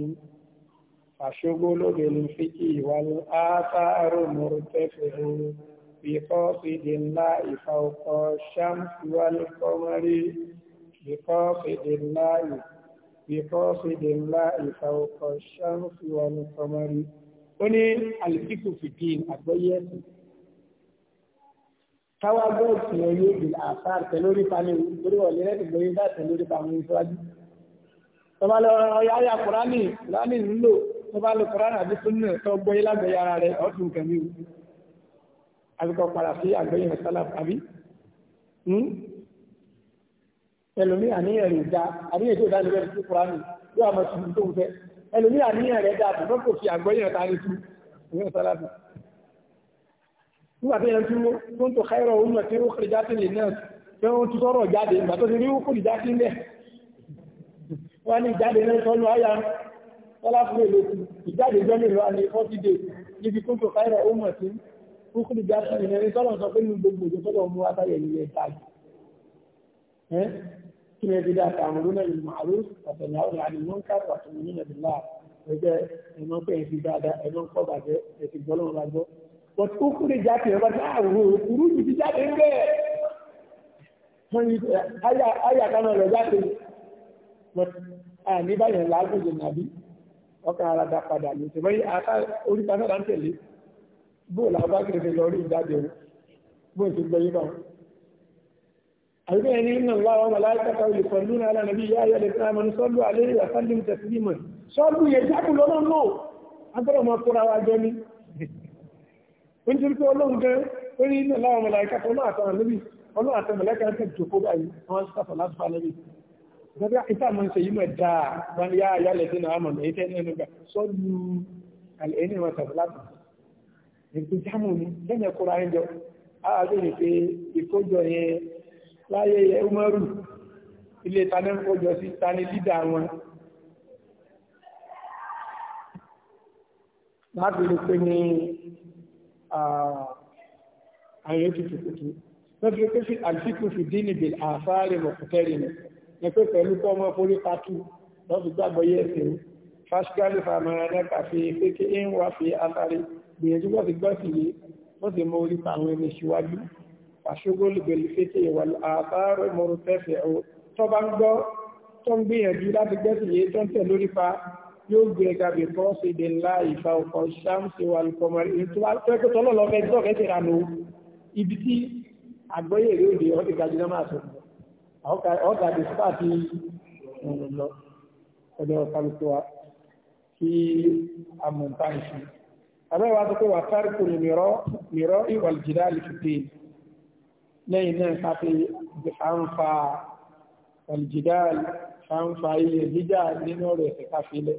fàṣùgbólógbèlè fi kìhí wà ní àtàárò mọ́rùtẹ́fẹ̀ẹ́ بقاصد الماء فوق الشمس والقمر بقاصد الماء بقاصد الماء فوق الشمس والقمر ó ní àlùfíkù fìdí àgbọ́yé ẹ̀sìn káwá bọ́ọ̀sì yẹn yóò di àfáà tẹ̀lórí pani torí wọ̀lẹ́ rẹ̀ tìgbọ́ yín bá tẹ̀lórí pani síwájú. tọ́ba lọ ọyá ayá kùránì kùránì kùránì àbí súnmù tó àbíkọ́ padà sí àgbẹ̀yìn sálàf àbí hmm? ẹlòmí àníyàn rẹ̀ dá àníyàn tó dá níbẹ̀ sí kúránì yóò àmọ́ tuntun tó ń fẹ́ ẹlòmí àníyàn rẹ̀ dá àbùkọ́ kò fi àgbẹ̀yìn ta ní tú àgbẹ̀yìn sálàf nígbà tó yẹn tún tó ń tó káyọ̀rọ̀ òun náà tí ó kiri jáde lè náà tí ó ń tún sọ̀rọ̀ jáde ìgbà tó ti rí ó kiri jáde wọ́n ní ìjáde náà sọ́nù àyà sálàf lè lè ìjáde jẹ́ mélòó àní 40 níbi tó ń tó káyọ̀rọ̀ òun náà tí kúkúrú bí aṣọ ìrìnrìn tọ́lọ̀ sọ pé ní gbogbo òjò tọ́lọ̀ mú wátáyẹ̀ ní ẹ̀ta yìí kí ni ẹbí dáa àwọn olóná ìlú màálù ọ̀tọ̀nà ọ̀rọ̀ àdìmọ́ ń káàkiri àti òun nínú ìlú náà ẹgbẹ́ ẹ̀mọ́ pé ẹ̀sìn dáadáa ẹ̀mọ́ ń kọ́ bàjẹ́ ẹ̀sìn gbọ́ lọ́wọ́ lágbọ́ but kúkúrú jáde ẹ̀rọ bá àwọn òkúrú yìí jáde ń bẹ́ẹ̀ wọ́n eh, kan rẹ̀ jáde but àní ah, báyẹn làágùn jẹ̀ nàbí ọkàn ara dá padà ní ṣùgbọ́n orí kan náà bóòlù abákẹ́rẹ́fẹ́ lọ rí ìjáde bóòlù ti gbẹ̀yìn náà أيضاً إن الله وملائكته يصلون على النبي يا أيها الذين آمنوا صلوا عليه وسلموا تسليما صلوا يجعلوا لنا النور أدرى ما قرأ واجمي wọ́n ti rí pé ọlọ́run gan orí iná láwọn mọ̀láìká tó náà àtàwọn lórí ọlọ́run àtàwọn mọ̀láìká ń tẹ̀jú kó báyìí wọ́n ti sàfà láti fà lórí gbẹ́gbẹ́ ìta yá ayálẹ̀ sínú àmọ̀ ní ẹ̀tẹ́ nínú gbà sọ́ọ̀lù àlẹ́ ẹni wọn sàfà láti nítorí jámù ni lẹ́yìn ẹ̀kọ́ra ẹ̀ jọ ara tó lè pe ìkójọ yẹn láyé yẹ umaru ilé tani ń kójọ sí tani lídà wọn láti rí pé ní àyè tuntun tuntun lọ́dún pé fi àlùfíkù fi dín níbi àfáàrí mọ̀kútẹ́rì ni ni pé pẹ̀lú kọ́ ọmọ forí pátú lọ́dún gbàgbọ́ yẹ̀ sí fásitì àlùfáà mọ̀ràn náà kàfi pé kí ń wá fi àtàrí gbìyànjú bọ́ ti gbọ́ sí yé wọ́n sì mọ orí àwọn ẹni ṣíwájú àṣogó lùgbèlú fété ìwà àbárò mọ́rù tẹ́fẹ̀ ọ tó bá ń gbọ́ tó ń gbìyànjú láti gbọ́ sí yé tó ń tẹ̀ lórí pa yóò gbé ẹ̀ka bí kọ́ sí ìdè ńlá ìfà ọkọ̀ ṣáàmùsì wà lùkọ́mọ́rí ìtura pẹ́kẹ́ tọ́lọ́ lọ ti ga àbẹ́wà tó pé wà tárìkù lè mìíràn ìwàlùjìdá lìfìdí lẹ́yìn náà káfí àǹfà àlùjìdá àǹfà ilé jíjà nínú ọ̀rọ̀ ẹ̀sẹ̀ káfí lẹ́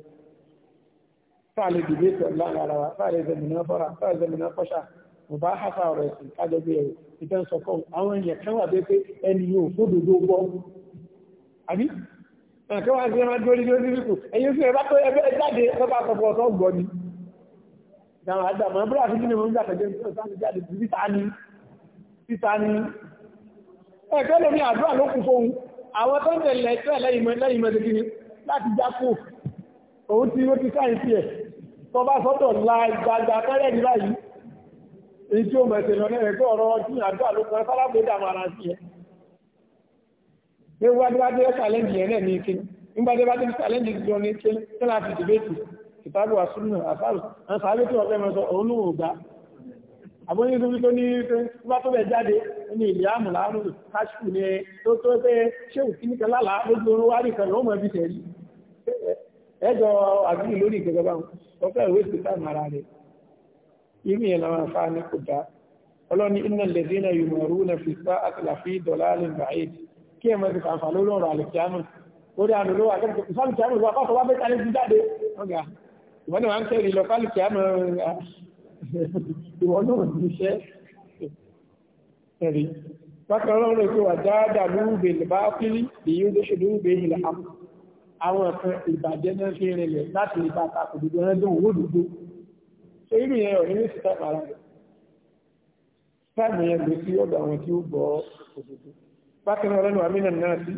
sáàlẹ̀ dìbé tó láàrín ara wa sáàlẹ̀ zẹ̀mìnà fọ́ra sáàlẹ̀ zẹ̀mìnà fọ́ṣà mo bá hásà ọ̀rọ̀ ẹ̀sìn kájọ bí ẹ̀rù ìtẹ́ sọ̀kọ́ àwọn èèyàn kan wà bẹ́ẹ̀ pé ẹni yóò fódòdó gbọ́ àbí àkẹ́wà sí ẹran dórí lórí ríkù ẹ̀yìn sí ẹ̀rọ pé ẹgbẹ́ jáde lọ́ba àkọ́kọ́ ọ̀tọ́ gbọ́ ni ìdáwọn àgbàmọ́ bíra fi gínú ìrìn àtẹ̀jẹ́ ìjáde títà ní títà ní ẹ̀kẹ́ lórí àdúrà ló kù fóun àwọn tó ń tẹ̀lẹ̀ tó ẹ̀ lẹ́yìn mẹ́tẹ̀kiri láti jákò òun tí ó ti sáyẹ̀nsì ẹ̀ tó bá sọ́tọ̀ la ìgbàgbà tẹ́rẹ̀ ní báyìí èyí tí ó mẹ̀tẹ̀ lọ ní ẹ̀kọ́ ọ̀rọ̀ tí àdúrà ló kọ́ sálábò dàmú ara sí ẹ̀ pé wádìí wádìí ẹ̀ sàlẹ́ǹdì ẹ̀ náà ní kí nígbàdí wádìí sàlẹ́ǹdì jọ ní kí láti dìbẹ́tì ìtàlù àsúnà àfàlù àwọn sàárè tí wọ́n fẹ́ mọ́ sọ olóhùn ọ̀gá àbóyín tó tó ní bá tó bẹ̀ jáde ní ilẹ̀ àmù láàrùn káṣù ní tó tó pé ṣéwù kí nìkan lálà lójú oró wá nìkan lọ́mọ ẹbí tẹ̀lé ẹjọ́ àbí lórí ìkẹjọba ọ̀fẹ́ ìwé ti sáà mara rẹ̀ irú yẹn làwọn afá ní kò dá ọlọ́ni iná lẹ́dínà yùmọ̀rú na fi sá àtìláfí dọ̀lá lè gbà éè kí ẹ mọ̀ sí fàǹfà lórí ọ̀rọ̀ àlùkìyàmù ó dé àná lówó àkẹ́kọ̀ọ́ ìwọ́n náà wá ń kẹ́rì lọ kálùkì àmọ́ ìwọ́n náà níṣẹ́ ẹ̀rí bákan ọlọ́run ètò wà dáadáa ló ń gbé lẹ́bàá pírí èyí ó ṣe ló ń àwọn ẹ̀kan ìbàjẹ́ náà fi rinlẹ̀ láti lè bá àtàkù dúdú dùn owó dúdú ṣe irú yẹn ọ̀rẹ́ ní sí rẹ̀ táìmù yẹn lè sí ọ̀dọ̀ àwọn tí ó gbọ́ òdòdó bákan ọlọ́run àmì náà náà sí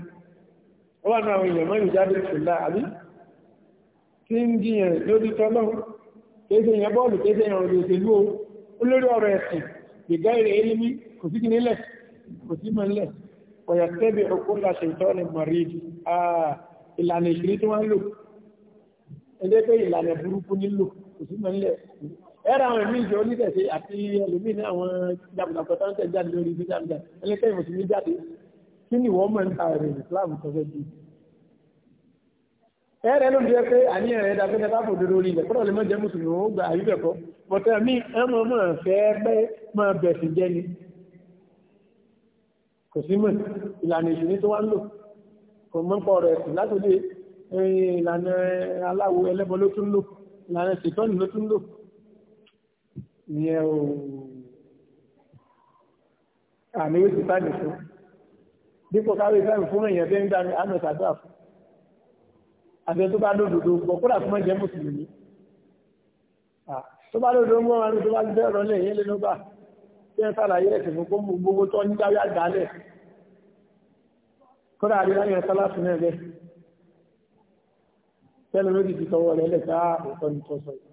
ó wà náà àwọn èèyàn mọ́ ìjáde ìṣòlá àbí tí ń jiyàn lórí tọ́lọ́run kéèsè èèyàn bọ́ọ̀lù kéèsè èèyàn òde òṣèlú olórí ọ̀rọ̀ ẹ̀sìn gbègbè èrè elimi kò sí kìíní lẹ̀ kò sí mọ̀ nílẹ̀ ọ̀yà tẹ́bi ọkọ̀ láṣẹ ìtọ́ni mọ̀rídì ìlànà ìṣirí tí wọ́n ń lò ẹgbẹ́ pé ìlànà burúkú nílò kò ẹ̀rẹ́ ló ń jẹ́ pé àníyàn rẹ̀ dàbí ẹ̀ta fò dodo orí ilẹ̀ kọ́dọ̀ lè mọ́ jẹ́ mùsùlùmí ó gba àyíbẹ̀ kọ́ bọ̀tẹ́ mi ẹmọ mọ̀ fẹ́ pé mọ̀ bẹ̀sì jẹ́ ni kò sí mọ̀ ìlànà ìṣúní tó wá ń lò kò mọ́ pọ̀ rẹ̀ sí látòdì ìlànà aláwo ẹlẹ́bọ ló tún lò ìlànà ṣètọ́nì ló tún lò ìyẹn ò àmì ó ti sáàdì fún dípò káwé sáàdì fún èèyàn bẹ́ẹ̀ àbí tó bá lódodo pọ̀ kódà fún ẹ̀jẹ̀ mùsùlùmí tó bá lódodo mọ́ wọn tó bá jẹ́ ọ̀rọ̀ lẹ̀ yẹn lẹ́nu bá tí ẹ sàlàyé ẹ̀sìn fún gbogbo gbogbo tó ń jáwé àgbálẹ̀ kódà àbí láyé ẹ̀ sọ́lá fún ẹ̀bẹ̀ tẹ́lẹ̀ lórí ti tọwọ́ rẹ̀ lẹ̀ sáà òtọ́ ni tó sọ yìí.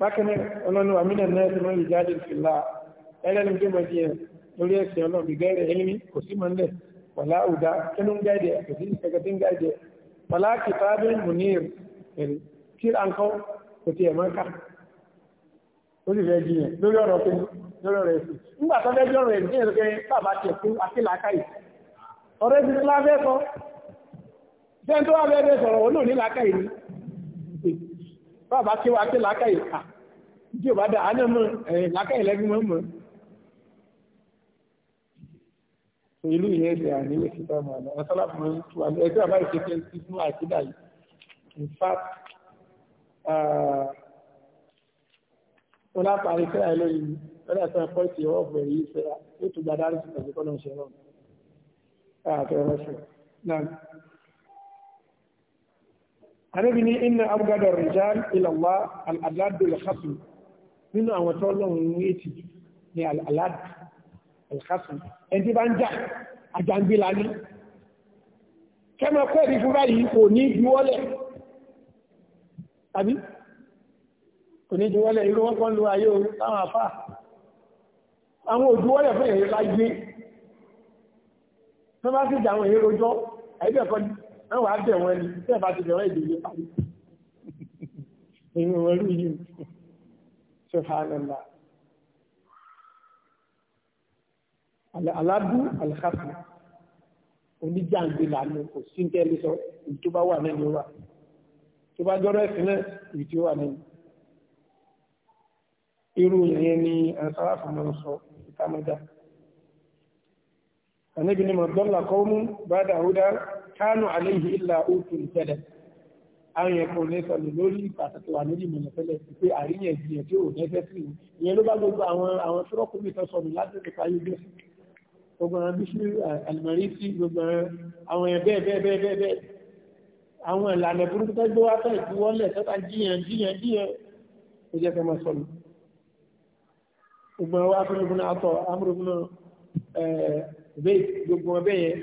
bákan ọlọ́nu àmínà náà ti mọ ìjáde ìfìlà ẹlẹ́ni tó mọ̀ díẹ̀ lórí ẹ̀sìn ọlọ́ọ̀bì gẹ́rẹ̀ ẹ̀yìn kò sí mọ́ ń lẹ̀ pọ̀lá àwùdá kẹ́nu ń gáìdẹ̀ kò ìṣẹ́gẹ́ tí ń gáìdẹ̀ fàlá kìtàbí munir kí à ń kọ́ kò tí ẹ̀mọ́ ká ó sì fẹ́ jiyàn lórí ọ̀rọ̀ pé lórí ọ̀rọ̀ ẹ̀sìn nígbà tó fẹ́ aka yi yẹn lókè bàbá tiẹ̀ fún akílàákàyè ọ̀rọ̀ ẹ̀sìn ńlá fẹ́ sọ fẹ́ẹ́ tó wà ni bàbá tiwa akílàákàyè kà tí ò bá dà ìlú yẹn ṣe àníwé sí bámu àná wọn sábà máa ń tu ẹgbẹ́ àbáyé ṣe sínú àkídà yìí in fact wọn á parí sẹ́yà lóyún lọ́dà sọ ẹ̀kọ́ ìtì ọ̀bọ̀ yìí sẹ́yà yóò tún gbadá rí sọ̀tọ̀ kọ́ lóun ṣe rọ̀ àtẹ̀rẹ̀ ṣe náà. Ànábì ní inna abgadar rijal ila Allah al nínú àwọn tó lóun ń wéètì ní al alkhasu ẹni tí bá ń jà àjàngbìlà ní kẹ́mọ̀ kọ́ ìdí fún báyìí kò ní juwọ́lẹ̀ tàbí kò ní juwọ́lẹ̀ irú wọ́n kan lo ayé orí táwọn àfà àwọn òjuwọ́lẹ̀ fún èrè láyé tó bá sì jà àwọn èrè rojọ́ àìbẹ̀kọ́ ni wọ́n wà á bẹ̀ wọn ni tẹ́ẹ̀ bá ti bẹ̀rẹ̀ èdè [LAUGHS] yìí parí èyí wọn rú yìí sọ̀hánàlá aládùn àlùkàfù oníjàǹgbé lànà kò sí ń tẹ́lẹ̀ sọ èyí tó bá wà náà ni ó wà tó bá jọ́rọ̀ ẹ̀sìn náà èyí tí ó wà náà irú yẹn ni àǹsára fún mọ́ sọ ìtàmọ́já àníbi ni mọ̀dọ́là kọ́ọ̀mù bá dàúdá kánú àléhì ìlà òkú ìtẹ́lẹ̀ àwọn ẹ̀kọ́ ní sọ̀lẹ̀ lórí pàtàkì wà lórí ìmọ̀lẹ̀ tẹ́lẹ̀ pé àríyànjiyàn tí ò nẹ́fẹ́ sí ìyẹn ló bá gbogbo àwọn àwọn tírọ́kù mi tán sọnù láti ìpayé gbogbo àwọn bíṣú àlùmọ̀rísì gbogbo àwọn ẹ̀bẹ́ bẹ́ẹ̀bẹ́ẹ̀bẹ́ àwọn ìlànà burúkú tó gbé wá fẹ́ ìfúwọ́lẹ̀ tọ́ta jíyàn jíyàn jíyàn ó jẹ́ fẹ́ máa sọ̀rọ̀ gbogbo wa fún ìbùnà àtọ̀ amúrúbùnà bẹ́ẹ̀ gbogbo ọbẹ̀ yẹn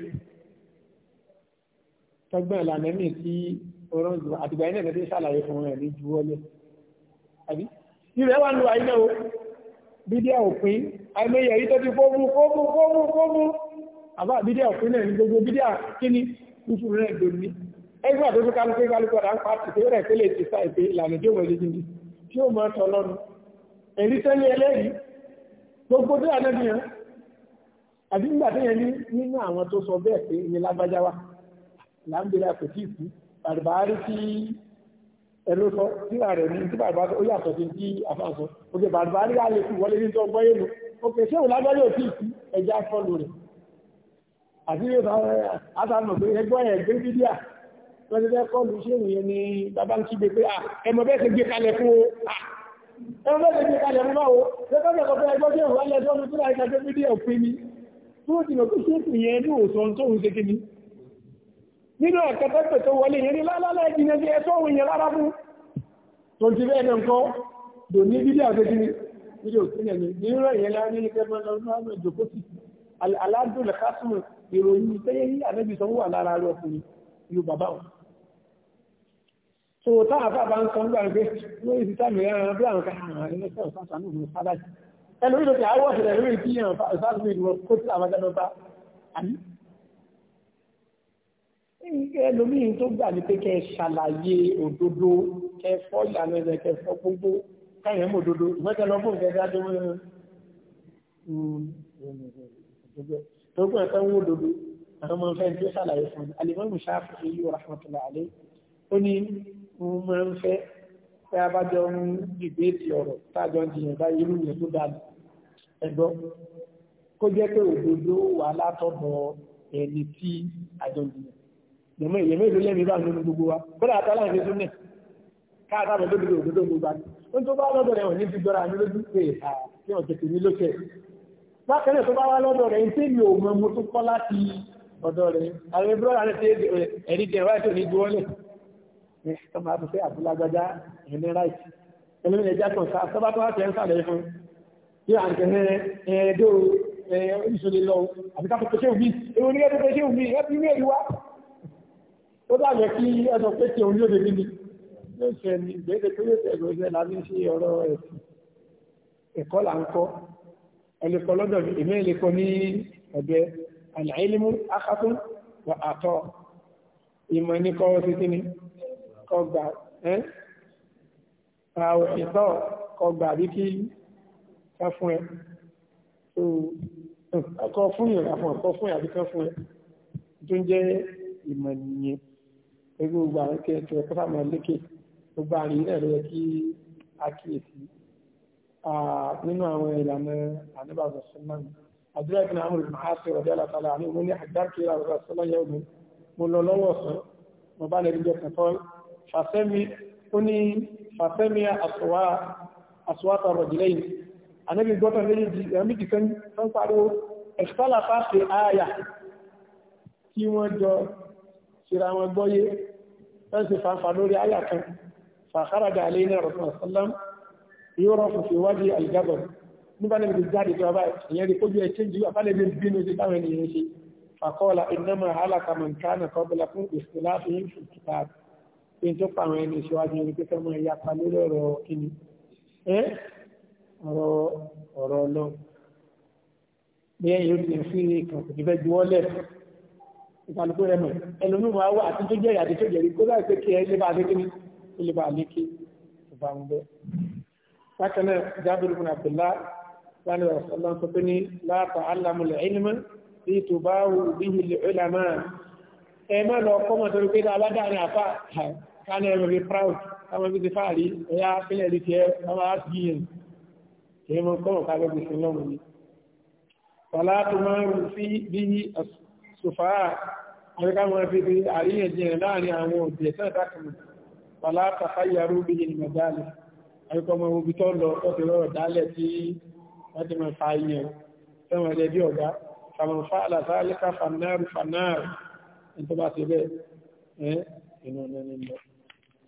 tọ́gbọ́n ìlànà mí sí oran jù àtìgbà iná ìgbẹ́dẹ́ ṣàlàyé fún ẹ̀ ní juwọ́lẹ̀ àbí ìrẹ́ wà àyínà o bídíà òpin àìmọye èyí tó ti fóòmù fóòmù fóòmù fóòmù àbá bídíà òfin náà ní gbogbo bídíà kíní kúkú rẹ̀ gbòmí ẹgbẹ́ àdójú kálukú kálukú ọ̀dà ń pa àtìsí rẹ̀ pé ti sa ìpè ìlànà tí ó lọ́nu gbogbo tó yàtọ̀ nìyẹn nígbà tó yẹn nínú ẹ̀ló sọ tí ààrẹ ní tí bàbá ó yàtọ̀ sí tí àfáàsọ òkè bàbá rí ààrẹ sí wọlé ní tó gbọ́ yẹnu òkè ṣé òun lágbẹ́rẹ́ òtí ìsí ẹja fọ́lù rẹ̀ àti yóò sọ àtàmọ̀ pé ẹgbọ́ ẹ̀ gbé bídíà wọ́n ti fẹ́ kọ́lù ṣé òun yẹn ni bàbá ń kígbe pé ẹmọ bẹ́ẹ̀ ṣe gbé kalẹ̀ fún o ẹmọ bẹ́ẹ̀ ṣe gbé kalẹ̀ fún báwo lẹ́kọ̀ọ́ nínú ẹ̀kẹ́tẹ́pẹ̀ tó wọlé yẹn ní lálálá ìjìnà sí ẹ̀tọ́ òun yẹn lára fún tó ti bẹ́ẹ̀ náà kọ́ dò ní bídí àgbẹ́gbẹ́ nílò òsìnlẹ̀ ní nínú ẹ̀yẹn láàrin ní kẹfẹ́ lọ́nà ìjòkósì aládùn lẹ́kásùn ìròyìn pé àdébì sọ wà lára rẹ̀ ọkùnrin ìlú bàbá wọn so táwọn afá bá ń sọ nígbà pé lórí ti tá mìíràn rẹ̀ bí àwọn káàkiri ẹlẹ́sẹ̀ ọ̀sán òun sálájì ẹlòmídòkè àwọ̀ ìrẹ̀lẹ́rẹ̀ tí yẹn ọ̀sán òun ìlú kó tí àwọn ẹlòmíín tó gbà ní pé kẹ ẹ ṣàlàyé òdodo kẹ ẹ fọ ìlànà ẹ̀rẹ̀ kẹ ẹ fọ gbogbo káyọ̀ mọ̀ òdodo ìmọ̀tẹ́ lọ fún ìfẹ́ dájú mọ́ tó gbọ́n ẹ̀fẹ́ ń wó òdodo àwọn ọmọ ìfẹ́ tó ṣàlàyé fún alimọ́mù ṣáfì yíò rahmatullahi alayhi ó ní mo máa ń fẹ́ pé a bá jọ ń dìbéètì ọ̀rọ̀ tájọ ń jiyàn bá irú yẹn tó dáa ẹ̀gbọ́n kó jẹ́ pé òdodo wà látọ̀dọ̀ ẹni tí àjọ jiyàn yẹmọ ìyẹmọ ìlú lẹ́nu ìbá nínú gbogbo wa kódà àtàlà ìfẹ́ tún nẹ̀ káàtà bẹ̀ lóbi lóbi tó gbogbo àti ó tó bá lọ́dọ̀ rẹ̀ wọ̀n ní ti gbọ́ra mi lójú pé àti ọ̀tẹ̀ tèmi ló tẹ̀. bákan náà tó bá wá lọ́dọ̀ rẹ̀ ntẹ́ mi ò mọ mo tó kọ́ láti ọ̀dọ̀ rẹ̀ àwọn ẹbí rọ́ra ti ẹ̀rí jẹ̀ wáyé tó ní ju wọlé. ẹ máa fi fẹ́ àbúlágbájá ẹ̀mí ráìtì ẹlẹ́mìnira ẹja kan sá sábà tó wá ó dàgbẹ́ kí ẹ̀sọ̀ pé tí òun yóò dé níbi yóò ṣe ní ìgbésẹ̀ tó yóò tẹ̀lé ìṣẹ́ láti ṣe ọ̀rọ̀ ẹ̀sìn ẹ̀kọ́ là ń kọ́ ẹ̀lẹ́kọ́ lọ́dọ̀ ìmí ẹ̀lẹ́kọ́ ní ọ̀dẹ àlàyélémú akátún wà àtọ́ ìmọ̀ ní kọ́ títí ni kọ́ gbà ẹ́ àwọn ìtọ́ kọ́ gbà bí kí ká fún ẹ ọkọ̀ fún ìrànfọ̀ ọkọ̀ fún ìrànfọ̀ fún ẹ tó ń jẹ́ ìmọ̀ nìyẹn ebi gbogbo àwọn kí ẹtù ẹkọ fáwọn lékè gbogbo àrùn yìí lẹ́rọ kí àkíyèsí nínú àwọn ìlànà àníbàbọ̀ sọ́nà àdúrà ìpínlẹ̀ àwọn olùmọ̀háṣẹ́ ọ̀dẹ́ alátàlá àní mo ní àgbàkì ìràwọ̀ sọ́lá yẹ omi mo lọ lọ́wọ́ ọ̀sán mo bá lẹ́rìí jẹ́ kẹ̀kọ́ fàfẹ́mi ó ní fàfẹ́mi àsùwátà rọ̀jìlẹ́yìn ànábi gbọ́tọ̀ méjì ẹ̀mí ti kan pariwo ẹ̀fọ́lá fáṣe ááyà tí wọ́n jọ síra wọn gbọ́yé ẹ́ sì fàfà lórí àyà kan fàkàràdà àlẹ́yìnà rọ̀tún àṣálàm yóò rọ̀ fún fi wájú àlìjábọ̀ nígbà níbi jáde tó bá ìyẹn rí kójú ẹ̀ chéjì àbálẹ́bí bínú ti táwọn ènìyàn ṣe fàkọ́ọ̀lá ìnámà hálàkà mọ̀nkánà kọ́bùlà fún ìsìláàfì yìí fún kìtà pé tó pa àwọn ẹni ìṣíwájú ẹni pé fẹ́ ọ̀rọ̀ ọ̀rọ̀ lọ bí ẹ̀yìn ó ti fi kàn kò ti juwọ́ lẹ́ẹ̀kan ìkàlùkù rẹ̀ mọ̀ ẹlòmí máa wà àti tó jẹ́rìí àti tó jẹ́rìí kó láì pé kí ẹ lè bá lékè ní kó lè bá lékè tó bá ń bẹ́. bákan náà jábìrì fún àbdùlá lánàá ọ̀sán sọ pé ní láàpá alámúlẹ̀ ẹnìmọ́ sí tó bá wù bí ilẹ̀ ìlànà ẹ má lọ kọ́ mọ̀ torí pé ní aládàáni àfà kánà ẹ̀rọ rí proud káwọn fi ti fáàrí ẹ̀yà sílẹ̀ rí tiẹ̀ káwọn á sòfà àríká mọ́ fi fi àríyànjiyàn láàrin àwọn òbí ẹ̀sán ìdákùnmù pàlá tàfáyàrú bí i mọ̀dálì àríkọ́ mọ́ obi tó lọ tó ti rọrọ̀ dálẹ̀ tí wọ́n ti mọ̀ fa iyàn tẹ́wọ̀n ẹ̀lẹ́ bí ọ̀gá kàmọ̀ fa àlàsáàlẹ́ká fanáàrù fanáàrù ní tó bá ti bẹ́ ẹ̀ inú ọ̀nà nílọ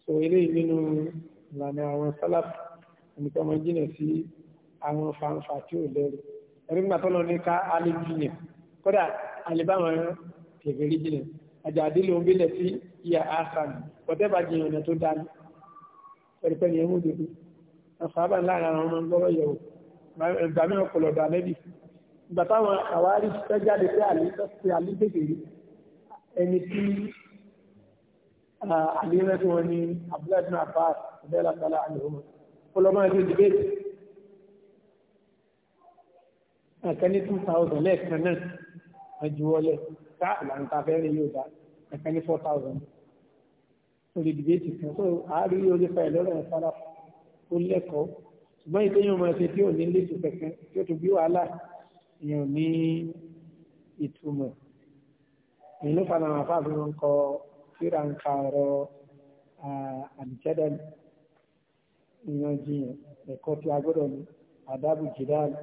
so eléyìí nínú kódà alibama kẹfẹ́rí jìnà àjàdílé òun bílẹ̀ sí ìyá àkàn wọ́tẹ́bà jìn ọ̀nà tó dáa pẹ̀lúpẹ̀ ní ẹ̀mú òdòdó àfàbà láàrin àwọn ọmọ gbọ́rọ̀ yẹ̀wò ìgbàmí ọ̀pọ̀lọ̀ dà nẹ́bì ìgbà táwọn àwárí fẹ́ jáde pé àlítẹ̀kẹ̀rí ẹni tí àlírẹ́ tí wọ́n ní abúlé náà bá ọ̀bẹ́ látàlá àlùhùmọ́ ọlọ́mọ ẹni dìbẹ́tì àkẹ́ni 2000 lẹ́ẹ̀kan náà ẹjúwọlẹ̀ tá ìlànà tá a fẹ́ rí yóò dá ẹ̀kan ní four thousand lórí dìbéètì kan tó àárí orí fa ìlọ́rọ̀ ẹ̀ sára ó lẹ́kọ̀ọ́ ṣùgbọ́n ìtẹ́yìn ọmọ ẹ̀sìn tí ò ní lè tún kẹ̀kẹ́ tí ó tún bí wàhálà èèyàn ní ìtumọ̀ èyí ló fara hàn fáàbí wọn kọ síra ń ka ọ̀rọ̀ àdìjẹ́dẹ́ ìyànjiyàn ẹ̀kọ́ tí a gbọ́dọ̀ ní àdábùjìdáàlì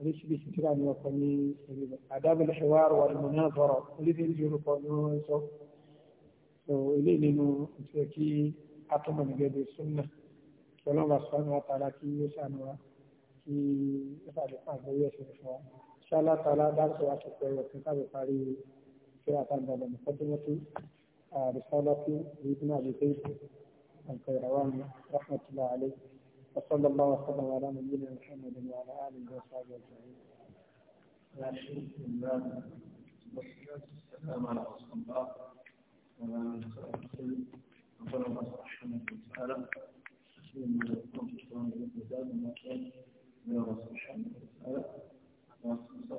oríṣiríṣi tíra ní ọkọ̀ ní ìrìnà àdábẹ̀lẹ̀ ṣẹwàárọ̀ wà lọ́nà àbọ̀rọ̀ oríṣiríṣi orúkọ ní wọ́n sọ so ilé nínú ìṣe kí atọ́mọ̀ nígbẹ̀dẹ̀ súnmà kí ọlọ́mà sọ́nà àtàrà kí ó sànù wa kí ìpàdé fún àgbẹ̀wé ẹ̀sìn fún wa ṣálá tààlà dáàbò wa ti pẹ̀lú ọ̀sìn káàbẹ̀ parí fẹ́rẹ̀ àtàgbàdàn mọ̀kọ́dúnmọ́tì àrùsálọ́tì ìdúnàbẹ̀tẹ̀ àgbẹ̀rẹ̀ wa ní rahmatullahi alayhi وصلى الله وسلم على نبينا محمد وعلى اله وصحبه اجمعين. الحمد لله رب العالمين والصلاه والسلام على رسول الله وعلى اله وصحبه اجمعين. الله الله سبحانه وتعالى